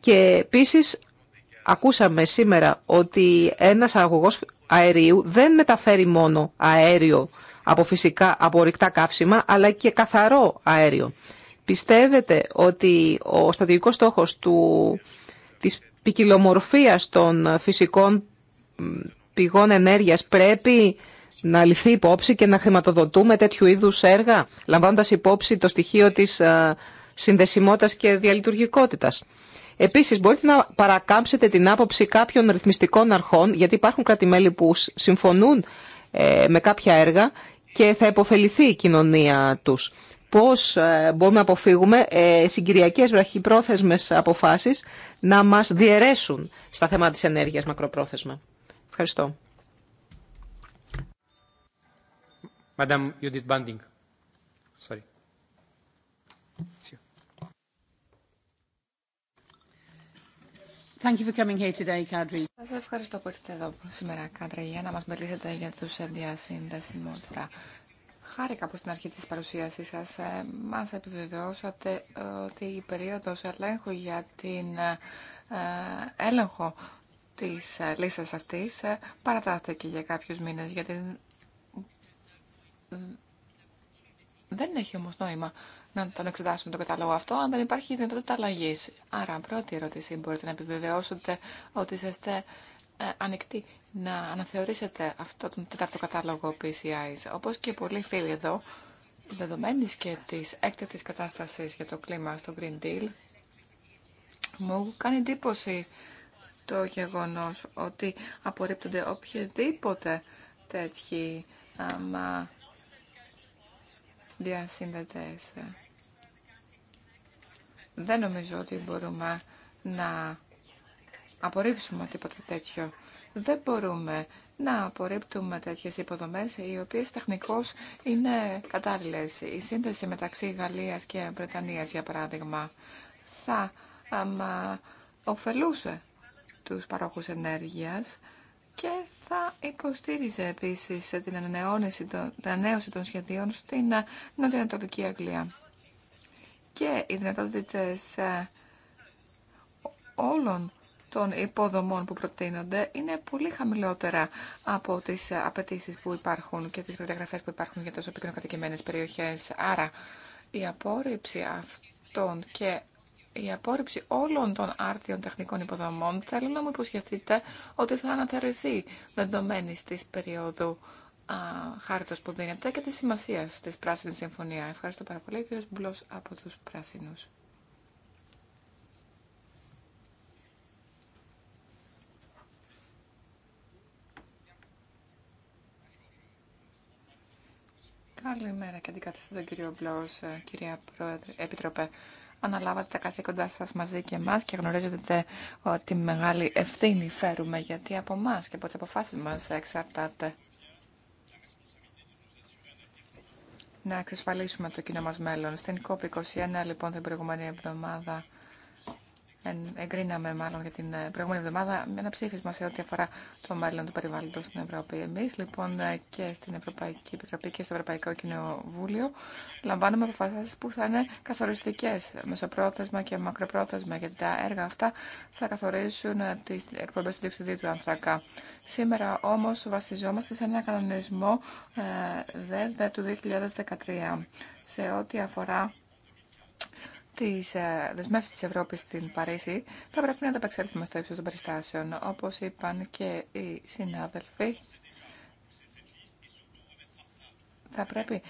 Speaker 3: Και επίσης Ακούσαμε σήμερα ότι ένας αγωγός αερίου δεν μεταφέρει μόνο αέριο από φυσικά από καύσιμα, αλλά και καθαρό αέριο. Πιστεύετε ότι ο στρατηγικός στόχος του, της ποικιλομορφία των φυσικών πηγών ενέργειας πρέπει να λυθεί υπόψη και να χρηματοδοτούμε τέτοιου είδους έργα, λαμβάνοντας υπόψη το στοιχείο της ε, συνδεσιμότητας και διαλειτουργικότητας. Επίσης μπορείτε να παρακάμψετε την άποψη κάποιων ρυθμιστικών αρχών, γιατί υπάρχουν που συμφωνούν ε, με κάποια έργα και θα υποφεληθεί η κοινωνία τους. Πώς ε, μπορούμε να αποφύγουμε ε, συγκυριακές βραχυπρόθεσμες αποφάσεις να μας διαιρέσουν στα θέματα της ενέργειας μακροπρόθεσμα. Ευχαριστώ. Madame Judith Banding.
Speaker 1: Sorry. Thank Σας ευχαριστώ που ήρθατε εδώ σήμερα, Κάντρα, για να μας μιλήσετε για τους διασυνδεσιμότητα. Χάρηκα που στην αρχή της παρουσίασής σας ε, μας επιβεβαιώσατε ότι η περίοδος ελέγχου για την ε, έλεγχο της ε, λίστας αυτής ε, παρατάθηκε για κάποιους μήνες γιατί δεν έχει όμως νόημα να τον εξετάσουμε τον κατάλογο αυτό, αν δεν υπάρχει δυνατότητα αλλαγή. Άρα, πρώτη ερώτηση, μπορείτε να επιβεβαιώσετε ότι είστε ε, ανοιχτοί να αναθεωρήσετε αυτό τον τέταρτο κατάλογο PCI. όπως και πολλοί φίλοι εδώ, δεδομένη και τη έκτακτη κατάσταση για το κλίμα στο Green Deal, μου κάνει εντύπωση το γεγονός ότι απορρίπτονται οποιαδήποτε τέτοιοι διασύνδετες. Δεν νομίζω ότι μπορούμε να απορρίψουμε τίποτα τέτοιο. Δεν μπορούμε να απορρίπτουμε τέτοιες υποδομές οι οποίες τεχνικώς είναι κατάλληλες. Η σύνδεση μεταξύ Γαλλίας και Βρετανίας, για παράδειγμα, θα αμα, ωφελούσε τους παρόχους ενέργειας και θα υποστήριζε επίσης την ανανεώνηση των, την ανανέωση των σχεδίων στην ε, Νοτιοανατολική Αγγλία. Και οι δυνατότητες ε, όλων των υποδομών που προτείνονται είναι πολύ χαμηλότερα από τις ε, απαιτήσει που υπάρχουν και τις προδιαγραφές που υπάρχουν για τόσο πυκνοκατοικημένες περιοχές. Άρα η απόρριψη αυτών και η απόρριψη όλων των άρτιων τεχνικών υποδομών, θέλω να μου υποσχεθείτε ότι θα αναθεωρηθεί δεδομένη τη περίοδου α, χάρτος που δίνεται και τη σημασία τη Πράσινη Συμφωνία. Ευχαριστώ πάρα πολύ, κύριε Μπλό από του Πράσινου. Καλημέρα και αντικαθιστώ τον κύριο Μπλό, ε, κυρία Πρόεδρε, Επιτροπέ αναλάβατε τα καθήκοντά σας μαζί και εμάς και γνωρίζετε ότι μεγάλη ευθύνη φέρουμε γιατί από εμά και από τις αποφάσεις μας εξαρτάται να εξασφαλίσουμε το κοινό μας μέλλον. Στην COP21 λοιπόν την προηγούμενη εβδομάδα εγκρίναμε μάλλον για την ε, προηγούμενη εβδομάδα ένα ψήφισμα σε ό,τι αφορά το μέλλον του περιβάλλοντος στην Ευρώπη. Εμεί, λοιπόν ε, και στην Ευρωπαϊκή Επιτροπή και στο Ευρωπαϊκό Κοινοβούλιο λαμβάνουμε αποφάσει που θα είναι καθοριστικέ μεσοπρόθεσμα και μακροπρόθεσμα γιατί τα έργα αυτά θα καθορίσουν ε, τι εκπομπέ του διοξιδίου του ανθρακά. Σήμερα όμω βασιζόμαστε σε ένα κανονισμό ΔΕΔΕ του 2013 σε ό,τι αφορά Τη ε, δεσμεύση τη Ευρώπη στην Παρίσι, θα πρέπει να ανταπεξέλθουμε στο ύψο των περιστάσεων, όπω είπαν και οι συνάδελφοι. Θα πρέπει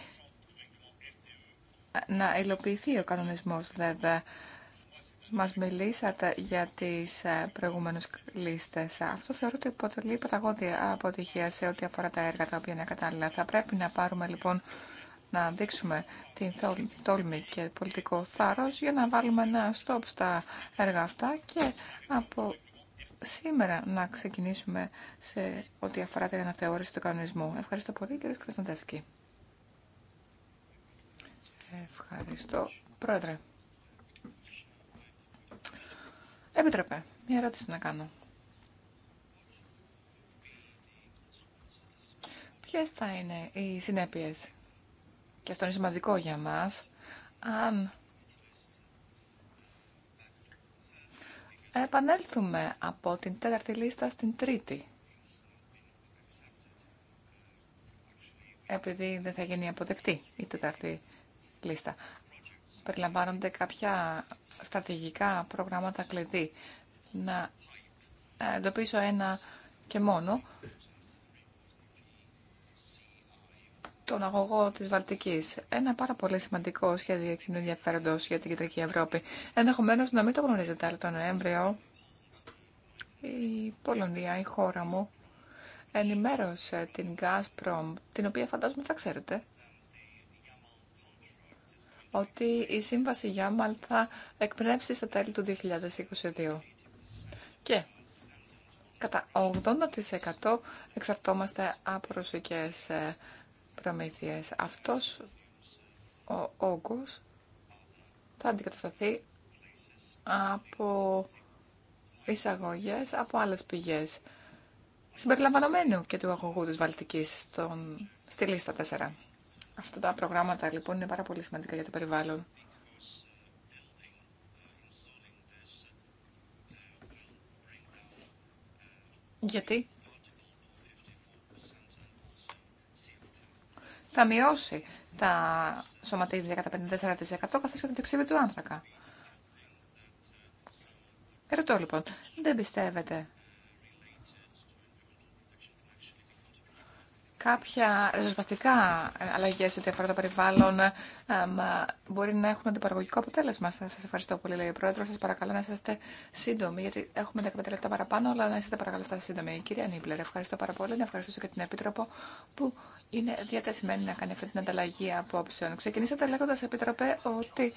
Speaker 1: να υλοποιηθεί ο κανονισμός βέβαια, Μας μιλήσατε για τις ε, προηγούμενες λίστες. Αυτό θεωρώ ότι αποτελεί παταγώδη αποτυχία σε ό,τι αφορά τα έργα τα οποία είναι κατάλληλα. Θα πρέπει να πάρουμε λοιπόν να δείξουμε την τόλμη και πολιτικό θάρρος για να βάλουμε ένα στόπ στα έργα αυτά και από σήμερα να ξεκινήσουμε σε ό,τι αφορά την αναθεώρηση του κανονισμού. Ευχαριστώ πολύ κύριε Κρασταντεύσκη. Ευχαριστώ. Πρόεδρε. Επιτρέπε, μια ερώτηση να κάνω. Ποιες θα είναι οι συνέπειες και αυτό είναι σημαντικό για μας, αν επανέλθουμε από την τέταρτη λίστα στην τρίτη. Επειδή δεν θα γίνει αποδεκτή η τέταρτη λίστα. Περιλαμβάνονται κάποια στρατηγικά προγράμματα κλειδί. Να εντοπίσω ένα και μόνο τον αγωγό τη Βαλτική. Ένα πάρα πολύ σημαντικό σχέδιο κοινού ενδιαφέροντος για την Κεντρική Ευρώπη. Ενδεχομένως να μην το γνωρίζετε, αλλά τον Νοέμβριο η Πολωνία, η χώρα μου, ενημέρωσε την Gazprom, την οποία φαντάζομαι θα ξέρετε, ότι η σύμβαση Γιάμαλ θα εκπνεύσει στα τέλη του 2022. Και κατά 80% εξαρτώμαστε από ρωσικές ε, προμήθειες. Αυτός ο όγκος θα αντικατασταθεί από εισαγωγές από άλλες πηγές συμπεριλαμβανομένου και του αγωγού της Βαλτικής στον, στη λίστα 4. Αυτά τα προγράμματα λοιπόν είναι πάρα πολύ σημαντικά για το περιβάλλον. Γιατί θα μειώσει τα σωματίδια κατά 54% καθώς και το διοξείδιο του άνθρακα. Ρωτώ λοιπόν, δεν πιστεύετε κάποια ρεζοσπαστικά ε, αλλαγέ ό,τι αφορά το περιβάλλον ε, μπορεί να έχουν αντιπαραγωγικό αποτέλεσμα. Σα ευχαριστώ πολύ, λέει ο Πρόεδρο. Σα παρακαλώ να είστε σύντομοι, γιατί έχουμε 15 λεπτά παραπάνω, αλλά να είστε παρακαλώ αυτά σύντομοι. Κυρία Νίπλερ, ευχαριστώ πάρα πολύ. Να ευχαριστήσω και την Επίτροπο που είναι διατεθειμένη να κάνει αυτή την ανταλλαγή απόψεων. Ξεκινήσατε λέγοντα, Επίτροπε, ότι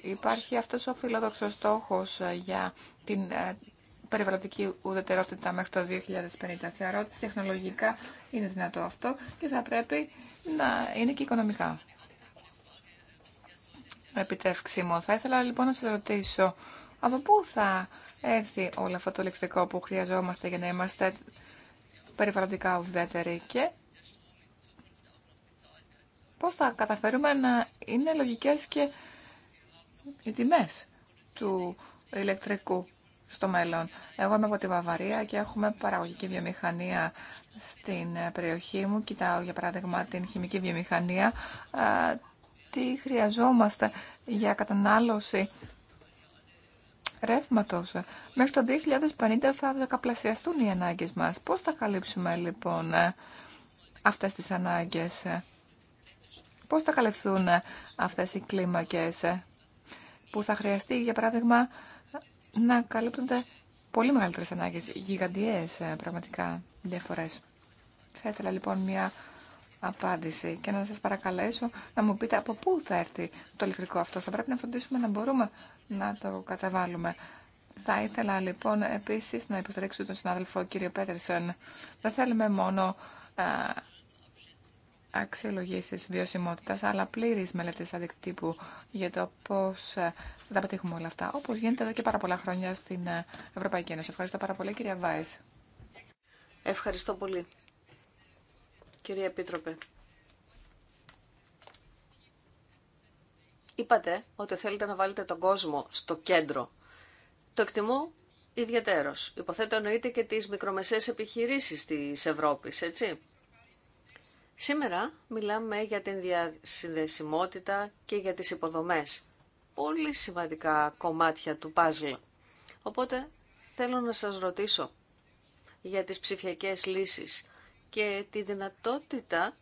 Speaker 1: υπάρχει αυτό ο φιλόδοξο στόχο για την ε, περιβαλλοντική ουδετερότητα μέχρι το 2050. Θεωρώ ότι τεχνολογικά είναι δυνατό αυτό και θα πρέπει να είναι και οικονομικά επιτεύξιμο. Θα ήθελα λοιπόν να σας ρωτήσω από πού θα έρθει όλο αυτό το ηλεκτρικό που χρειαζόμαστε για να είμαστε περιβαλλοντικά ουδέτεροι και πώς θα καταφέρουμε να είναι λογικές και οι τιμές του ηλεκτρικού στο μέλλον. Εγώ είμαι από τη Βαυαρία και έχουμε παραγωγική βιομηχανία στην ε, περιοχή μου. Κοιτάω για παράδειγμα την χημική βιομηχανία. Τι χρειαζόμαστε για κατανάλωση ρεύματος. Μέχρι το 2050 θα δεκαπλασιαστούν οι ανάγκες μας. Πώς θα καλύψουμε λοιπόν ε, αυτές τις ανάγκες. Πώς θα καλυφθούν ε, αυτές οι κλίμακες που θα χρειαστεί για παράδειγμα να καλύπτονται πολύ μεγαλύτερες ανάγκες, γιγαντιές ε, πραγματικά διαφορές. Θα ήθελα λοιπόν μια απάντηση και να σας παρακαλέσω να μου πείτε από πού θα έρθει το ηλεκτρικό αυτό. Θα πρέπει να φροντίσουμε να μπορούμε να το καταβάλουμε. Θα ήθελα λοιπόν επίσης να υποστηρίξω τον συνάδελφο κύριο Πέτερσον. Δεν θέλουμε μόνο α, αξιολογήσεις βιωσιμότητας, αλλά πλήρης μελέτης αντικτύπου για το πώς ε, τα πετύχουμε όλα αυτά, όπως γίνεται εδώ και πάρα πολλά χρόνια στην ε, Ευρωπαϊκή Ένωση. Ευχαριστώ πάρα πολύ, κυρία Βάης.
Speaker 2: Ευχαριστώ πολύ, κυρία Επίτροπε. Είπατε ότι θέλετε να βάλετε τον κόσμο στο κέντρο. Το εκτιμώ ιδιαίτερος. Υποθέτω εννοείται και τις μικρομεσαίες επιχειρήσεις της Ευρώπη. έτσι. Σήμερα μιλάμε για την διασυνδεσιμότητα και για τις υποδομές πολύ σημαντικά κομμάτια του παζλ. Οπότε θέλω να σας ρωτήσω για τις ψηφιακές λύσεις και τη δυνατότητα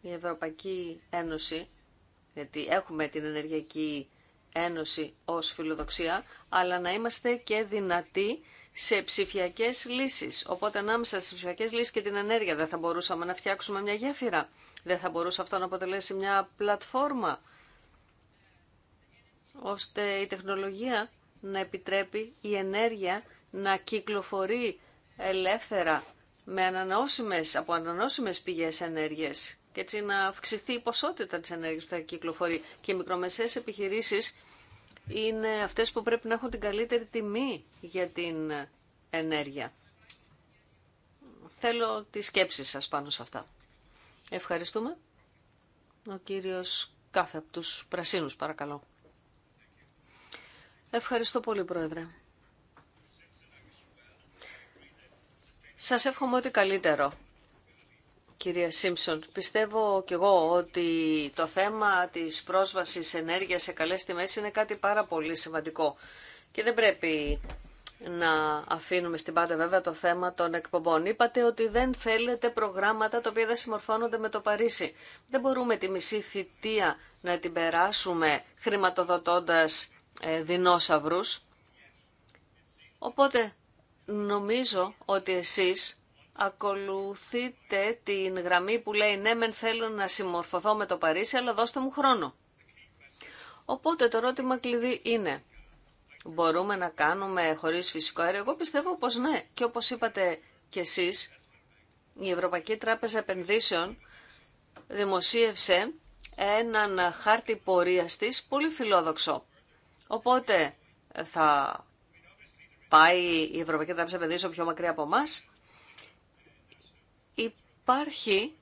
Speaker 2: η Ευρωπαϊκή Ένωση, γιατί έχουμε την Ενεργειακή Ένωση ως φιλοδοξία, αλλά να είμαστε και δυνατοί σε ψηφιακέ λύσεις. Οπότε ανάμεσα στι ψηφιακές λύσεις και την ενέργεια δεν θα μπορούσαμε να φτιάξουμε μια γέφυρα. Δεν θα μπορούσε αυτό να αποτελέσει μια πλατφόρμα ώστε η τεχνολογία να επιτρέπει η ενέργεια να κυκλοφορεί ελεύθερα με ανανεώσιμες, από ανανεώσιμες πηγές ενέργειας και έτσι να αυξηθεί η ποσότητα της ενέργειας που θα κυκλοφορεί και οι μικρομεσαίες επιχειρήσεις είναι αυτές που πρέπει να έχουν την καλύτερη τιμή για την ενέργεια. Θέλω τη σκέψη σας πάνω σε αυτά. Ευχαριστούμε. Ο κύριος Κάφε από τους Πρασίνους, παρακαλώ. Ευχαριστώ πολύ, Πρόεδρε. Σας εύχομαι ό,τι καλύτερο κυρία Σίμψον. Πιστεύω κι εγώ ότι το θέμα της πρόσβασης ενέργειας σε καλές τιμές είναι κάτι πάρα πολύ σημαντικό. Και δεν πρέπει να αφήνουμε στην πάντα βέβαια το θέμα των εκπομπών. Είπατε ότι δεν θέλετε προγράμματα τα οποία δεν συμμορφώνονται με το Παρίσι. Δεν μπορούμε τη μισή θητεία να την περάσουμε χρηματοδοτώντας ε, δεινόσαυρους. Οπότε νομίζω ότι εσείς ακολουθείτε την γραμμή που λέει ναι μεν θέλω να συμμορφωθώ με το Παρίσι αλλά δώστε μου χρόνο. Οπότε το ρώτημα κλειδί είναι μπορούμε να κάνουμε χωρίς φυσικό αέριο. Εγώ πιστεύω πως ναι και όπως είπατε κι εσείς η Ευρωπαϊκή Τράπεζα Επενδύσεων δημοσίευσε έναν χάρτη πορείας της πολύ φιλόδοξο. Οπότε θα πάει η Ευρωπαϊκή Τράπεζα Επενδύσεων πιο μακριά από εμάς Υπάρχει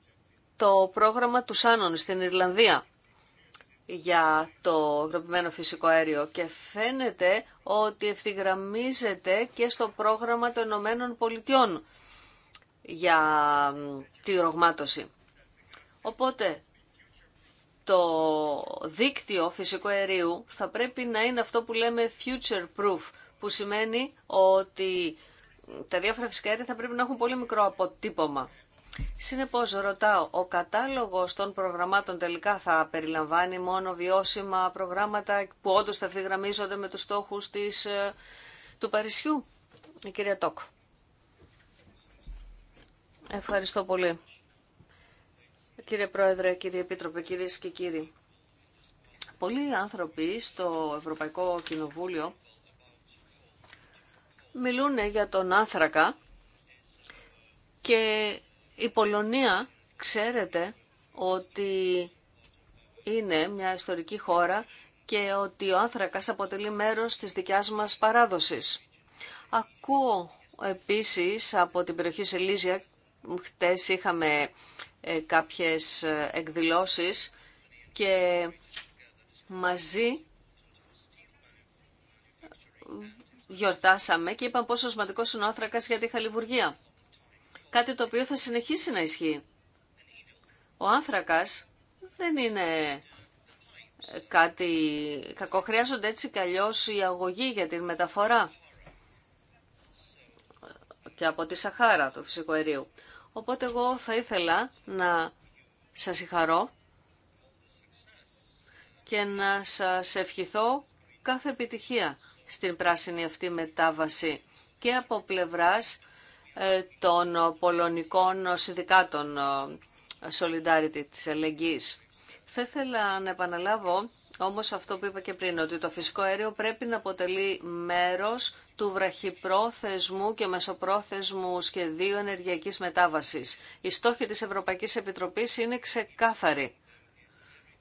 Speaker 2: το πρόγραμμα του Σάνων στην Ιρλανδία για το υγροποιημένο φυσικό αέριο και φαίνεται ότι ευθυγραμμίζεται και στο πρόγραμμα των Ηνωμένων Πολιτειών για τη ρογμάτωση. Οπότε το δίκτυο φυσικού αερίου θα πρέπει να είναι αυτό που λέμε future proof, που σημαίνει ότι τα διάφορα φυσικά αέρια θα πρέπει να έχουν πολύ μικρό αποτύπωμα. Συνεπώς ρωτάω, ο κατάλογος των προγραμμάτων τελικά θα περιλαμβάνει μόνο βιώσιμα προγράμματα που όντως θα ευθυγραμμίζονται με τους στόχους της, ε, του Παρισιού. Η κυρία Τόκ. Ευχαριστώ πολύ. Κύριε Πρόεδρε, κύριε Επίτροπε, κυρίες και κύριοι. Πολλοί άνθρωποι στο Ευρωπαϊκό Κοινοβούλιο μιλούν για τον άνθρακα και η Πολωνία ξέρετε ότι είναι μια ιστορική χώρα και ότι ο άνθρακας αποτελεί μέρος της δικιάς μας παράδοσης. Ακούω επίσης από την περιοχή Σελίζια, χτες είχαμε ε, κάποιες ε, εκδηλώσεις και μαζί γιορτάσαμε και είπαμε πόσο σημαντικός είναι ο άνθρακας για τη χαλιβουργία κάτι το οποίο θα συνεχίσει να ισχύει. Ο άνθρακας δεν είναι ε, κάτι κακό. Χρειάζονται έτσι κι αλλιώς οι αγωγοί για την μεταφορά και από τη Σαχάρα του φυσικού αερίου. Οπότε εγώ θα ήθελα να σας συγχαρώ και να σας ευχηθώ κάθε επιτυχία στην πράσινη αυτή μετάβαση και από πλευράς ε, των πολωνικών συνδικάτων ε, Solidarity της Ελεγγύης. Θα ήθελα να επαναλάβω όμως αυτό που είπα και πριν, ότι το φυσικό αέριο πρέπει να αποτελεί μέρος του βραχυπρόθεσμου και μεσοπρόθεσμου σχεδίου ενεργειακής μετάβασης. Η στόχοι της Ευρωπαϊκής Επιτροπής είναι ξεκάθαρη.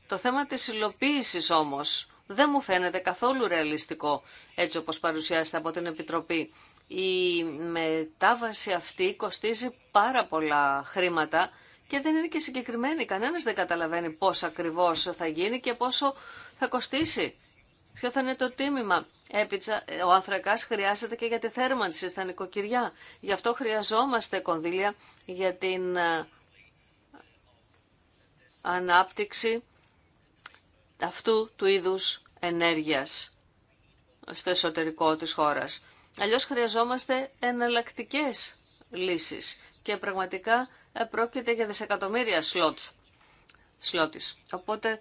Speaker 2: Το θέμα της υλοποίησης όμως δεν μου φαίνεται καθόλου ρεαλιστικό, έτσι όπως παρουσιάζεται από την Επιτροπή. Η μετάβαση αυτή κοστίζει πάρα πολλά χρήματα και δεν είναι και συγκεκριμένη. Κανένας δεν καταλαβαίνει πώς ακριβώς θα γίνει και πόσο θα κοστίσει. Ποιο θα είναι το τίμημα. ο ανθρακάς χρειάζεται και για τη θέρμανση στα νοικοκυριά. Γι' αυτό χρειαζόμαστε κονδύλια για την ε, ανάπτυξη αυτού του είδους ενέργειας στο εσωτερικό της χώρας. Αλλιώς χρειαζόμαστε εναλλακτικέ λύσεις και πραγματικά ε, πρόκειται για δισεκατομμύρια σλότ, σλότης. Οπότε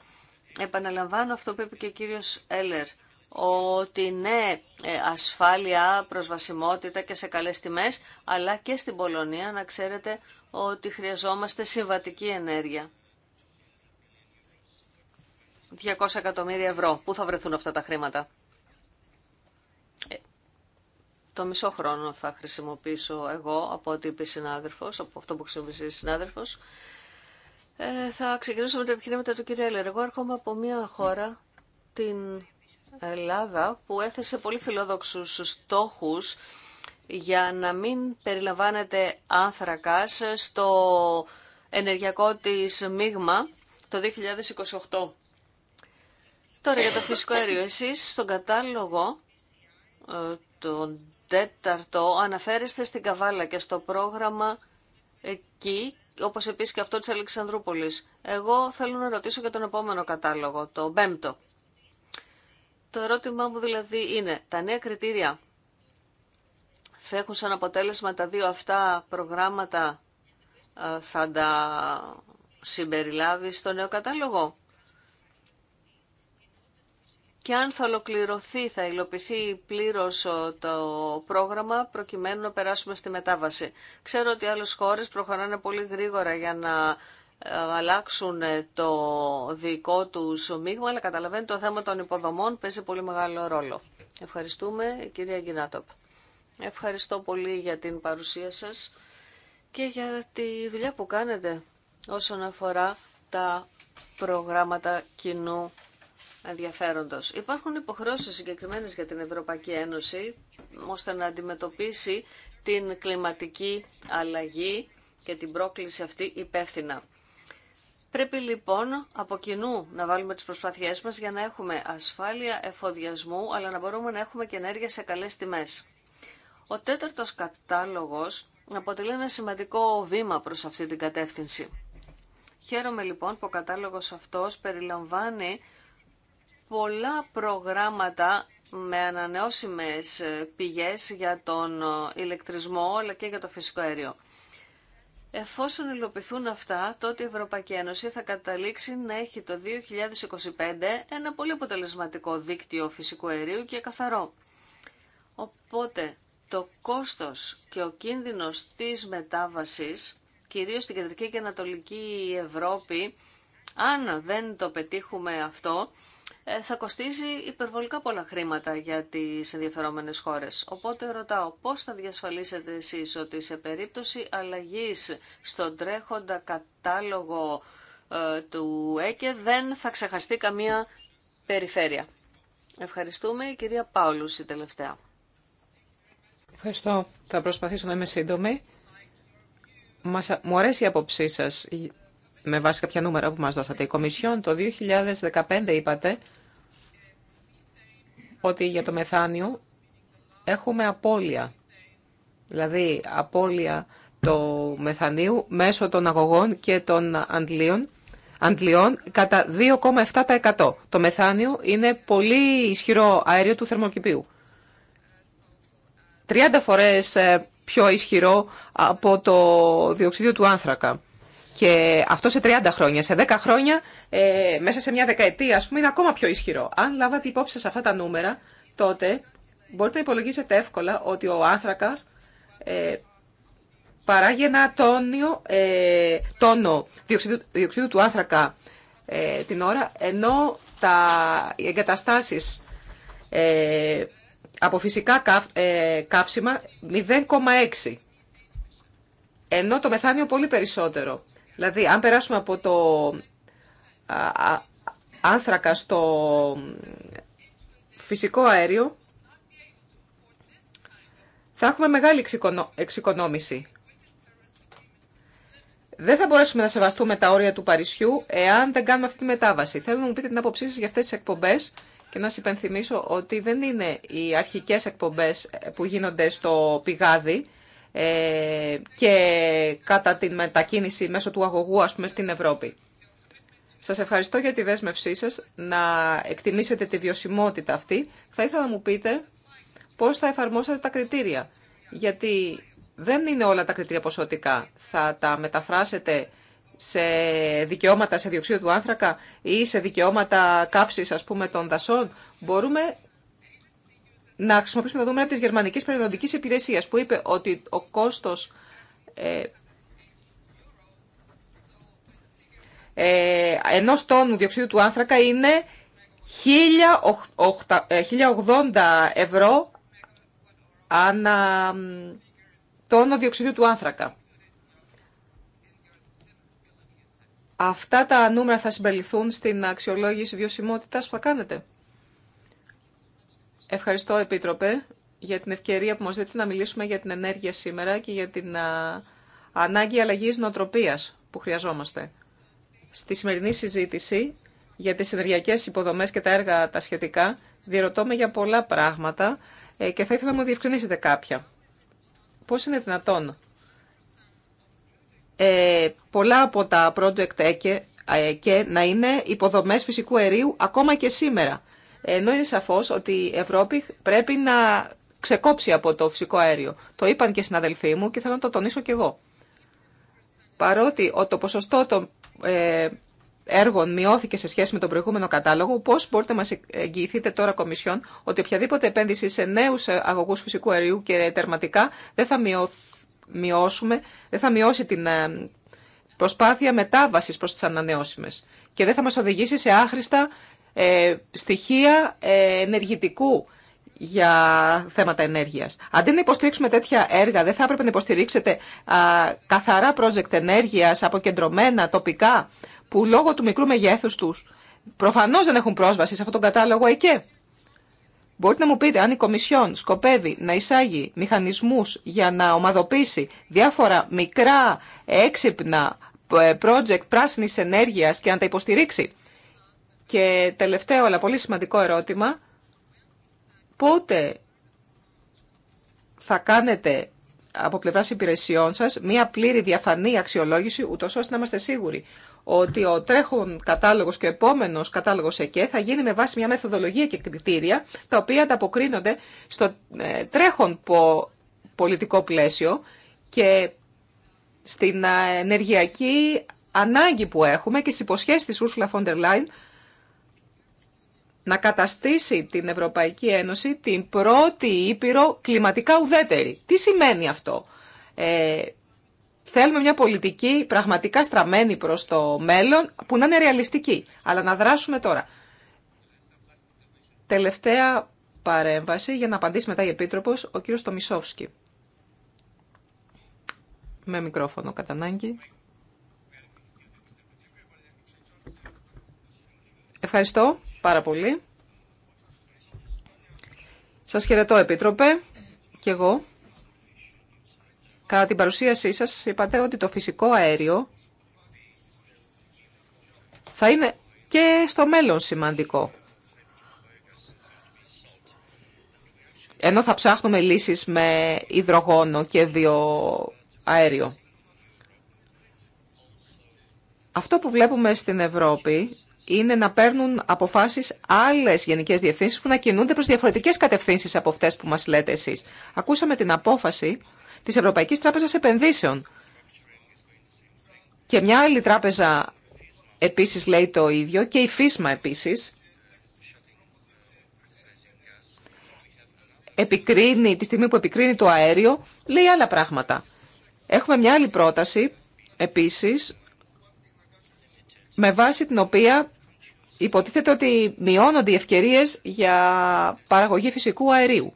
Speaker 2: επαναλαμβάνω αυτό που είπε και ο κύριος Έλερ, ότι ναι, ε, ασφάλεια, προσβασιμότητα και σε καλές τιμές, αλλά και στην Πολωνία να ξέρετε ότι χρειαζόμαστε συμβατική ενέργεια. 200 εκατομμύρια ευρώ. Πού θα βρεθούν αυτά τα χρήματα. Ε, το μισό χρόνο θα χρησιμοποιήσω εγώ από ό,τι είπε συνάδελφος, από αυτό που χρησιμοποιήσε η συνάδελφος. Ε, θα ξεκινήσω με τα επιχειρήματα του κύριου Έλλερ. Εγώ έρχομαι από μια χώρα, την Ελλάδα, που έθεσε πολύ φιλόδοξους στόχους για να μην περιλαμβάνεται άνθρακα στο ενεργειακό της μείγμα το 2028.
Speaker 1: Τώρα για το φυσικό αέριο,
Speaker 2: εσείς στον κατάλογο ε, τον τέταρτο αναφέρεστε στην Καβάλα και στο πρόγραμμα εκεί, όπως επίσης και αυτό της Αλεξανδρούπολης. Εγώ θέλω να ρωτήσω για τον επόμενο κατάλογο, το πέμπτο. Το ερώτημά μου δηλαδή είναι, τα νέα κριτήρια θα έχουν σαν αποτέλεσμα τα δύο αυτά προγράμματα, ε, θα τα συμπεριλάβει στο νέο κατάλογο και αν θα ολοκληρωθεί, θα υλοποιηθεί πλήρως το πρόγραμμα προκειμένου να περάσουμε στη μετάβαση. Ξέρω ότι άλλε χώρες προχωράνε πολύ γρήγορα για να ε, αλλάξουν ε, το δικό τους μείγμα, αλλά καταλαβαίνει το θέμα των υποδομών παίζει πολύ μεγάλο ρόλο. Ευχαριστούμε, κυρία Γκινάτοπ. Ευχαριστώ πολύ για την παρουσία σας και για τη δουλειά που κάνετε όσον αφορά τα προγράμματα κοινού ενδιαφέροντος. Υπάρχουν υποχρεώσεις συγκεκριμένες για την Ευρωπαϊκή Ένωση ώστε να αντιμετωπίσει την κλιματική αλλαγή και την πρόκληση αυτή υπεύθυνα. Πρέπει λοιπόν από κοινού να βάλουμε τις προσπάθειές μας για να έχουμε ασφάλεια εφοδιασμού, αλλά να μπορούμε να έχουμε και ενέργεια σε καλές τιμές. Ο τέταρτος κατάλογος αποτελεί ένα σημαντικό βήμα προς αυτή την κατεύθυνση. Χαίρομαι λοιπόν που ο κατάλογος αυτός περιλαμβάνει πολλά προγράμματα με ανανεώσιμες πηγές για τον ηλεκτρισμό αλλά και για το φυσικό αέριο. Εφόσον υλοποιηθούν αυτά, τότε η Ευρωπαϊκή Ένωση θα καταλήξει να έχει το 2025 ένα πολύ αποτελεσματικό δίκτυο φυσικού αερίου και καθαρό. Οπότε το κόστος και ο κίνδυνος της μετάβασης, κυρίως στην Κεντρική και Ανατολική Ευρώπη, αν δεν το πετύχουμε αυτό, ε, θα κοστίζει υπερβολικά πολλά χρήματα για τις ενδιαφερόμενες χώρες. Οπότε ρωτάω πώς θα διασφαλίσετε εσείς ότι σε περίπτωση αλλαγής στον τρέχοντα κατάλογο ε, του ΕΚΕ δεν θα ξεχαστεί καμία περιφέρεια. Ευχαριστούμε. Η κυρία Πάουλου, η τελευταία.
Speaker 3: Ευχαριστώ. Θα προσπαθήσω να είμαι σύντομη. Μου αρέσει η απόψή σας με βάση κάποια νούμερα που μας δώσατε. Η Κομισιόν το 2015 είπατε ότι για το μεθάνιο έχουμε απώλεια. Δηλαδή, απώλεια του μεθανίου μέσω των αγωγών και των αντλίων, αντλιών κατά 2,7%. Το μεθάνιο είναι πολύ ισχυρό αέριο του θερμοκηπίου. 30 φορές ε, πιο ισχυρό από το διοξίδιο του άνθρακα. Και αυτό σε 30 χρόνια. Σε 10 χρόνια, ε, μέσα σε μια δεκαετία, α πούμε, είναι ακόμα πιο ισχυρό. Αν λάβατε υπόψη σε αυτά τα νούμερα, τότε μπορείτε να υπολογίσετε εύκολα ότι ο άνθρακα ε, παράγει ένα τόνιο, ε, τόνο διοξιδίου, του άνθρακα ε, την ώρα, ενώ τα εγκαταστάσει εγκαταστάσεις ε, από φυσικά ε, καύσιμα 0,6, ενώ το μεθάνιο πολύ περισσότερο. Δηλαδή, αν περάσουμε από το άνθρακα στο φυσικό αέριο, θα έχουμε μεγάλη εξοικονόμηση. Δεν θα μπορέσουμε να σεβαστούμε τα όρια του Παρισιού εάν δεν κάνουμε αυτή τη μετάβαση. Θέλω να μου πείτε την άποψή σα για αυτέ τι εκπομπέ και να σα υπενθυμίσω ότι δεν είναι οι αρχικέ εκπομπέ που γίνονται στο πηγάδι ε, και κατά την μετακίνηση μέσω του αγωγού ας πούμε, στην Ευρώπη. Σας ευχαριστώ για τη δέσμευσή σας να εκτιμήσετε τη βιωσιμότητα αυτή. Θα ήθελα να μου πείτε πώς θα εφαρμόσετε τα κριτήρια. Γιατί δεν είναι όλα τα κριτήρια ποσοτικά. Θα τα μεταφράσετε σε δικαιώματα σε διοξείδιο του άνθρακα ή σε δικαιώματα καύση ας πούμε των δασών. Μπορούμε να χρησιμοποιήσουμε τα δεδομένα της Γερμανικής Περιβαλλοντικής Υπηρεσίας που είπε ότι ο κόστος ε, ε ενός τόνου διοξίδου του άνθρακα είναι 1080 ε, ευρώ ανά τόνο διοξιδίου του άνθρακα. Αυτά τα νούμερα θα συμπεριληφθούν στην αξιολόγηση βιωσιμότητας που θα κάνετε. Ευχαριστώ, Επίτροπε, για την ευκαιρία που μας δίνετε να μιλήσουμε για την ενέργεια σήμερα και για την ανάγκη αλλαγής νοοτροπίας που χρειαζόμαστε. Στη σημερινή συζήτηση για τις ενεργειακές υποδομές και τα έργα τα σχετικά, διερωτώ με για πολλά πράγματα ε, και θα ήθελα να μου διευκρινίσετε κάποια. Πώς είναι δυνατόν ε, πολλά από τα project ε, να είναι υποδομές φυσικού αερίου ακόμα και σήμερα. Ενώ είναι σαφώ ότι η Ευρώπη πρέπει να ξεκόψει από το φυσικό αέριο. Το είπαν και οι συναδελφοί μου και θέλω να το τονίσω κι εγώ. Παρότι το ποσοστό των ε, έργων μειώθηκε σε σχέση με τον προηγούμενο κατάλογο, πώ μπορείτε να μα εγγυηθείτε τώρα, Κομισιόν, ότι οποιαδήποτε επένδυση σε νέου αγωγού φυσικού αερίου και τερματικά δεν θα, μειώσουμε, δεν θα μειώσει την ε, προσπάθεια μετάβαση προ τι ανανεώσιμε και δεν θα μα οδηγήσει σε άχρηστα ε, στοιχεία ε, ενεργητικού για θέματα ενέργειας. Αντί να υποστηρίξουμε τέτοια έργα, δεν θα έπρεπε να υποστηρίξετε α, καθαρά project ενέργειας, αποκεντρωμένα, τοπικά, που λόγω του μικρού μεγέθους τους προφανώς δεν έχουν πρόσβαση σε αυτόν τον κατάλογο εκεί. Μπορείτε να μου πείτε αν η Κομισιόν σκοπεύει να εισάγει μηχανισμούς για να ομαδοποιήσει διάφορα μικρά έξυπνα ε, project πράσινης ενέργειας και να τα υποστηρίξει. Και τελευταίο, αλλά πολύ σημαντικό ερώτημα, πότε θα κάνετε από πλευρά υπηρεσιών σας μία πλήρη διαφανή αξιολόγηση, ούτω ώστε να είμαστε σίγουροι ότι ο τρέχον κατάλογος και ο επόμενο κατάλογος ΕΚΕ θα γίνει με βάση μια μεθοδολογία και κριτήρια τα οποία ανταποκρίνονται στο ε, τρέχον πολιτικό πλαίσιο και στην ε, ενεργειακή ανάγκη που έχουμε και στι υποσχέσεις της Ursula von der Leyen να καταστήσει την Ευρωπαϊκή Ένωση την πρώτη ήπειρο κλιματικά ουδέτερη. Τι σημαίνει αυτό. Ε, θέλουμε μια πολιτική πραγματικά στραμμένη προς το μέλλον που να είναι ρεαλιστική, αλλά να δράσουμε τώρα. Τελευταία παρέμβαση για να απαντήσει μετά η Επίτροπος, ο κύριος Τομισόφσκι. Με μικρόφωνο κατά ανάγκη. Ευχαριστώ πάρα πολύ. Σας χαιρετώ, Επίτροπε, και εγώ. Κατά την παρουσίασή σας, σας είπατε ότι το φυσικό αέριο θα είναι και στο μέλλον σημαντικό. Ενώ θα ψάχνουμε λύσεις με υδρογόνο και βιοαέριο. Αυτό που βλέπουμε στην Ευρώπη είναι να παίρνουν αποφάσεις άλλε γενικές διευθύνσει που να κινούνται προς διαφορετικές κατευθύνσεις από αυτέ που μας λέτε εσείς. Ακούσαμε την απόφαση της Ευρωπαϊκής Τράπεζας Επενδύσεων και μια άλλη τράπεζα επίσης λέει το ίδιο και η ΦΙΣΜΑ επίσης επικρίνει, τη στιγμή που επικρίνει το αέριο, λέει άλλα πράγματα. Έχουμε μια άλλη πρόταση, επίσης, με βάση την οποία υποτίθεται ότι μειώνονται οι ευκαιρίες για παραγωγή φυσικού αερίου.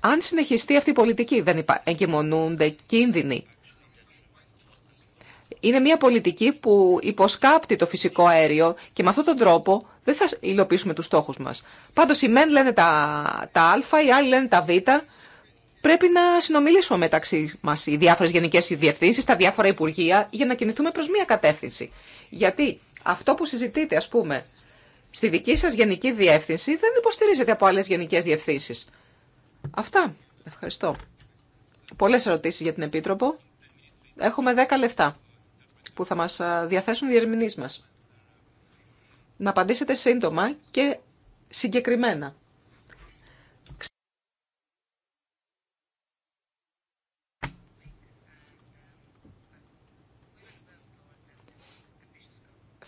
Speaker 3: Αν συνεχιστεί αυτή η πολιτική, δεν εγκυμονούνται κίνδυνοι. Είναι μια πολιτική που υποσκάπτει το φυσικό αέριο και με αυτόν τον τρόπο δεν θα υλοποιήσουμε τους στόχους μας. Πάντως οι μεν λένε τα, τα α, οι άλλοι λένε τα β. Πρέπει να συνομιλήσουμε μεταξύ μας οι διάφορες γενικές διευθύνσεις, τα διάφορα υπουργεία για να κινηθούμε προς μια κατεύθυνση. Γιατί αυτό που συζητείτε, ας πούμε, στη δική σας γενική διεύθυνση δεν υποστηρίζεται από άλλες γενικές διευθύνσει. Αυτά. Ευχαριστώ. Πολλές ερωτήσεις για την Επίτροπο. Έχουμε 10 λεφτά που θα μας διαθέσουν οι ερμηνείς μας. Να απαντήσετε σύντομα και συγκεκριμένα.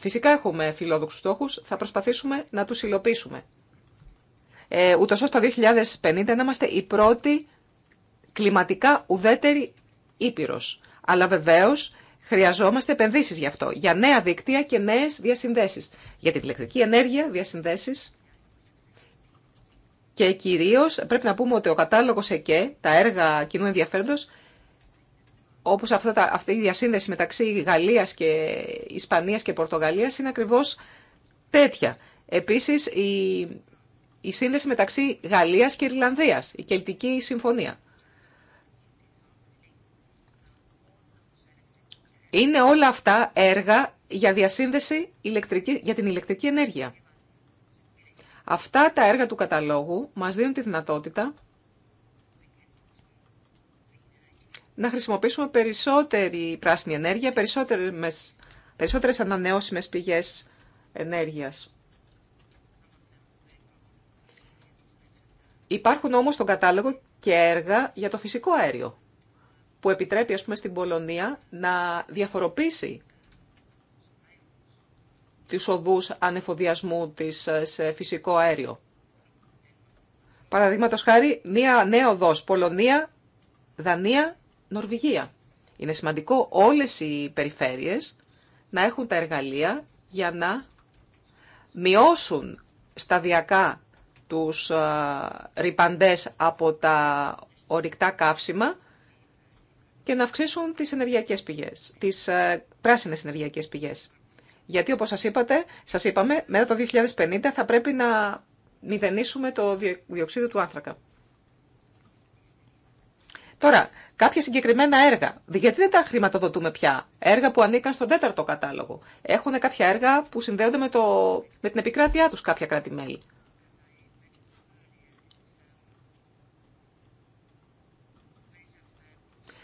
Speaker 3: Φυσικά έχουμε φιλόδοξου στόχου, θα προσπαθήσουμε να τους υλοποιήσουμε. Ε, ούτως ώστε το 2050 να είμαστε η πρώτη κλιματικά ουδέτερη ήπειρο. Αλλά βεβαίως χρειαζόμαστε επενδύσει γι' αυτό, για νέα δίκτυα και νέες διασυνδέσει. Για την ηλεκτρική ενέργεια, διασυνδέσει. Και κυρίω πρέπει να πούμε ότι ο κατάλογο ΕΚΕ, τα έργα κοινού ενδιαφέροντο, όπως αυτά τα, αυτή η διασύνδεση μεταξύ Γαλλίας και Ισπανίας και Πορτογαλίας είναι ακριβώς τέτοια. Επίσης η, η σύνδεση μεταξύ Γαλλίας και Ιρλανδίας, η Κελτική Συμφωνία. Είναι όλα αυτά έργα για διασύνδεση ηλεκτρική, για την ηλεκτρική ενέργεια. Αυτά τα έργα του καταλόγου μας δίνουν τη δυνατότητα να χρησιμοποιήσουμε περισσότερη πράσινη ενέργεια, περισσότερες, περισσότερες ανανεώσιμες πηγές ενέργειας. Υπάρχουν όμως στον κατάλογο και έργα για το φυσικό αέριο, που επιτρέπει ας πούμε στην Πολωνία να διαφοροποιήσει τις οδούς ανεφοδιασμού της ε, σε φυσικό αέριο. Παραδείγματο χάρη, μία νέα οδός Πολωνία, Δανία, Νορβηγία. Είναι σημαντικό όλες οι περιφέρειες να έχουν τα εργαλεία για να μειώσουν σταδιακά τους ρηπαντές από τα ορυκτά καύσιμα και να αυξήσουν τις, ενεργειακές πηγές, τις πράσινες ενεργειακές πηγές. Γιατί όπως σας, είπατε, σας είπαμε, μετά το 2050 θα πρέπει να μηδενίσουμε το διοξείδιο του άνθρακα. Τώρα, κάποια συγκεκριμένα έργα. Γιατί δεν τα χρηματοδοτούμε πια. Έργα που ανήκαν στον τέταρτο κατάλογο. Έχουν κάποια έργα που συνδέονται με, το, με την επικράτειά τους κάποια κράτη-μέλη.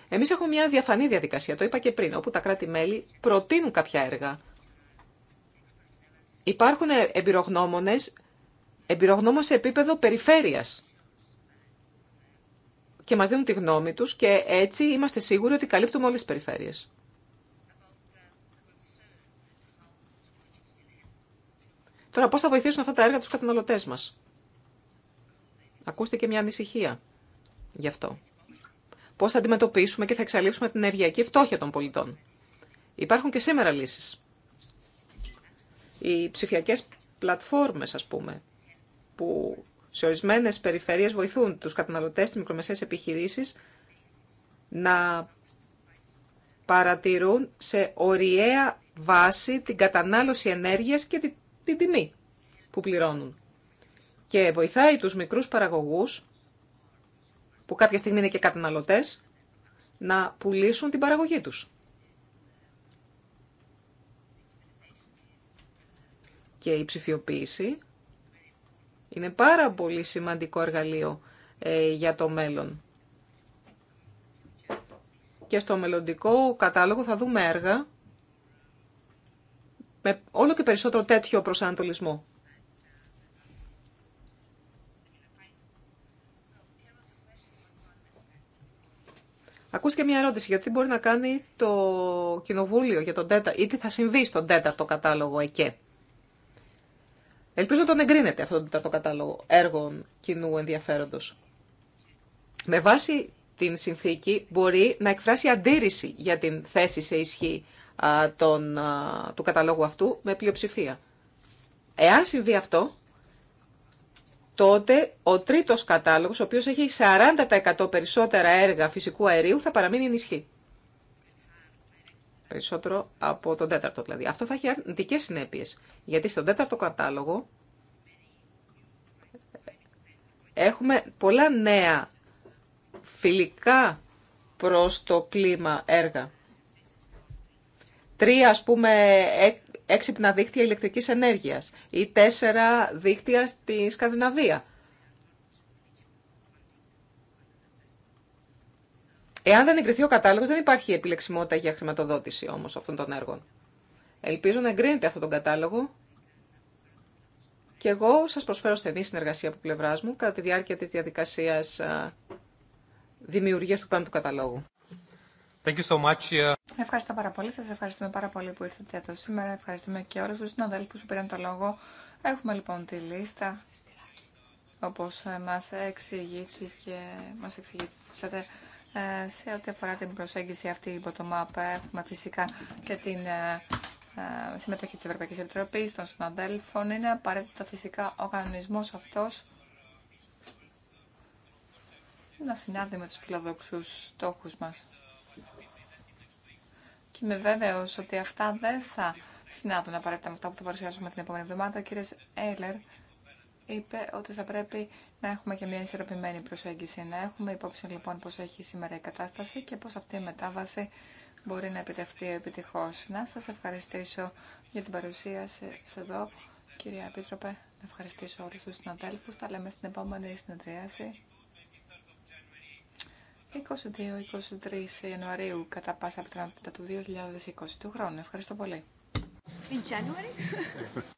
Speaker 3: Εμείς έχουμε μια διαφανή διαδικασία, το είπα και πριν, όπου τα κράτη-μέλη προτείνουν κάποια έργα. Υπάρχουν εμπειρογνώμονε εμπειρογνώμονες σε επίπεδο περιφέρειας και μας δίνουν τη γνώμη τους και έτσι είμαστε σίγουροι ότι καλύπτουμε όλες τις περιφέρειες. Τώρα πώς θα βοηθήσουν αυτά τα έργα τους καταναλωτές μας. Ακούστε και μια ανησυχία γι' αυτό. Πώς θα αντιμετωπίσουμε και θα εξαλείψουμε την ενεργειακή φτώχεια των πολιτών. Υπάρχουν και σήμερα λύσεις. Οι ψηφιακές πλατφόρμες, ας πούμε, που σε ορισμένε περιφέρειες βοηθούν τους καταναλωτές, τι μικρομεσαίες επιχειρήσεις να παρατηρούν σε ωριαία βάση την κατανάλωση ενέργειας και την τιμή που πληρώνουν. Και βοηθάει τους μικρούς παραγωγούς, που κάποια στιγμή είναι και καταναλωτές, να πουλήσουν την παραγωγή τους. Και η ψηφιοποίηση είναι πάρα πολύ σημαντικό εργαλείο ε, για το μέλλον. Και στο μελλοντικό κατάλογο θα δούμε έργα με όλο και περισσότερο τέτοιο προσανατολισμό. Ακούστηκε μια ερώτηση γιατί μπορεί να κάνει το Κοινοβούλιο για τον τέταρτο ή τι θα συμβεί στον τέταρτο κατάλογο εκεί. Ελπίζω να τον εγκρίνεται αυτό τον τέταρτο κατάλογο έργων κοινού ενδιαφέροντος. Με βάση την συνθήκη μπορεί να εκφράσει αντίρρηση για την θέση σε ισχύ τον, του καταλόγου αυτού με πλειοψηφία. Εάν συμβεί αυτό, τότε ο τρίτος κατάλογος, ο οποίος έχει 40% περισσότερα έργα φυσικού αερίου, θα παραμείνει ενισχύει περισσότερο από τον τέταρτο δηλαδή. Αυτό θα έχει αρνητικέ συνέπειε. Γιατί στον τέταρτο κατάλογο έχουμε πολλά νέα φιλικά προς το κλίμα έργα. Τρία, ας πούμε, έξυπνα δίχτυα ηλεκτρικής ενέργειας ή τέσσερα δίχτυα στη Σκανδιναβία Εάν δεν εγκριθεί ο κατάλογο, δεν υπάρχει επιλεξιμότητα για χρηματοδότηση όμω αυτών των έργων. Ελπίζω να εγκρίνετε αυτόν τον κατάλογο. Και εγώ σα προσφέρω στενή συνεργασία από πλευρά μου κατά τη διάρκεια τη διαδικασία δημιουργία του πέμπτου καταλόγου.
Speaker 1: Thank you so much. Uh, Ευχαριστώ πάρα πολύ. Σα ευχαριστούμε πάρα πολύ που ήρθατε εδώ σήμερα. Ευχαριστούμε και όλου του συναδέλφου που πήραν το λόγο. Έχουμε λοιπόν τη λίστα, όπως ε, μα εξηγήθηκε, μας εξηγήσατε. Ε, σε ό,τι αφορά την προσέγγιση αυτή η το ΜΑΠ έχουμε φυσικά και την ε, ε, συμμετοχή της Ευρωπαϊκής Επιτροπής, των συναδέλφων. Είναι απαραίτητο φυσικά ο κανονισμός αυτός να συνάδει με τους φιλοδοξούς στόχους μας. Και είμαι βέβαιος ότι αυτά δεν θα συνάδουν απαραίτητα με αυτά που θα παρουσιάσουμε την επόμενη εβδομάδα. Ο κύριος Έιλερ είπε ότι θα πρέπει να έχουμε και μια ισορροπημένη προσέγγιση. Να έχουμε υπόψη λοιπόν πώς έχει σήμερα η κατάσταση και πώς αυτή η μετάβαση μπορεί να επιτευχθεί επιτυχώς. Να σας ευχαριστήσω για την παρουσία σας εδώ, κυρία Επίτροπε. Να ευχαριστήσω όλους τους συναδέλφους. Τα λέμε στην επόμενη συνεδρίαση. 22-23 Ιανουαρίου κατά πάσα πιθανότητα του 2020 του χρόνου. Ευχαριστώ
Speaker 2: πολύ. In January?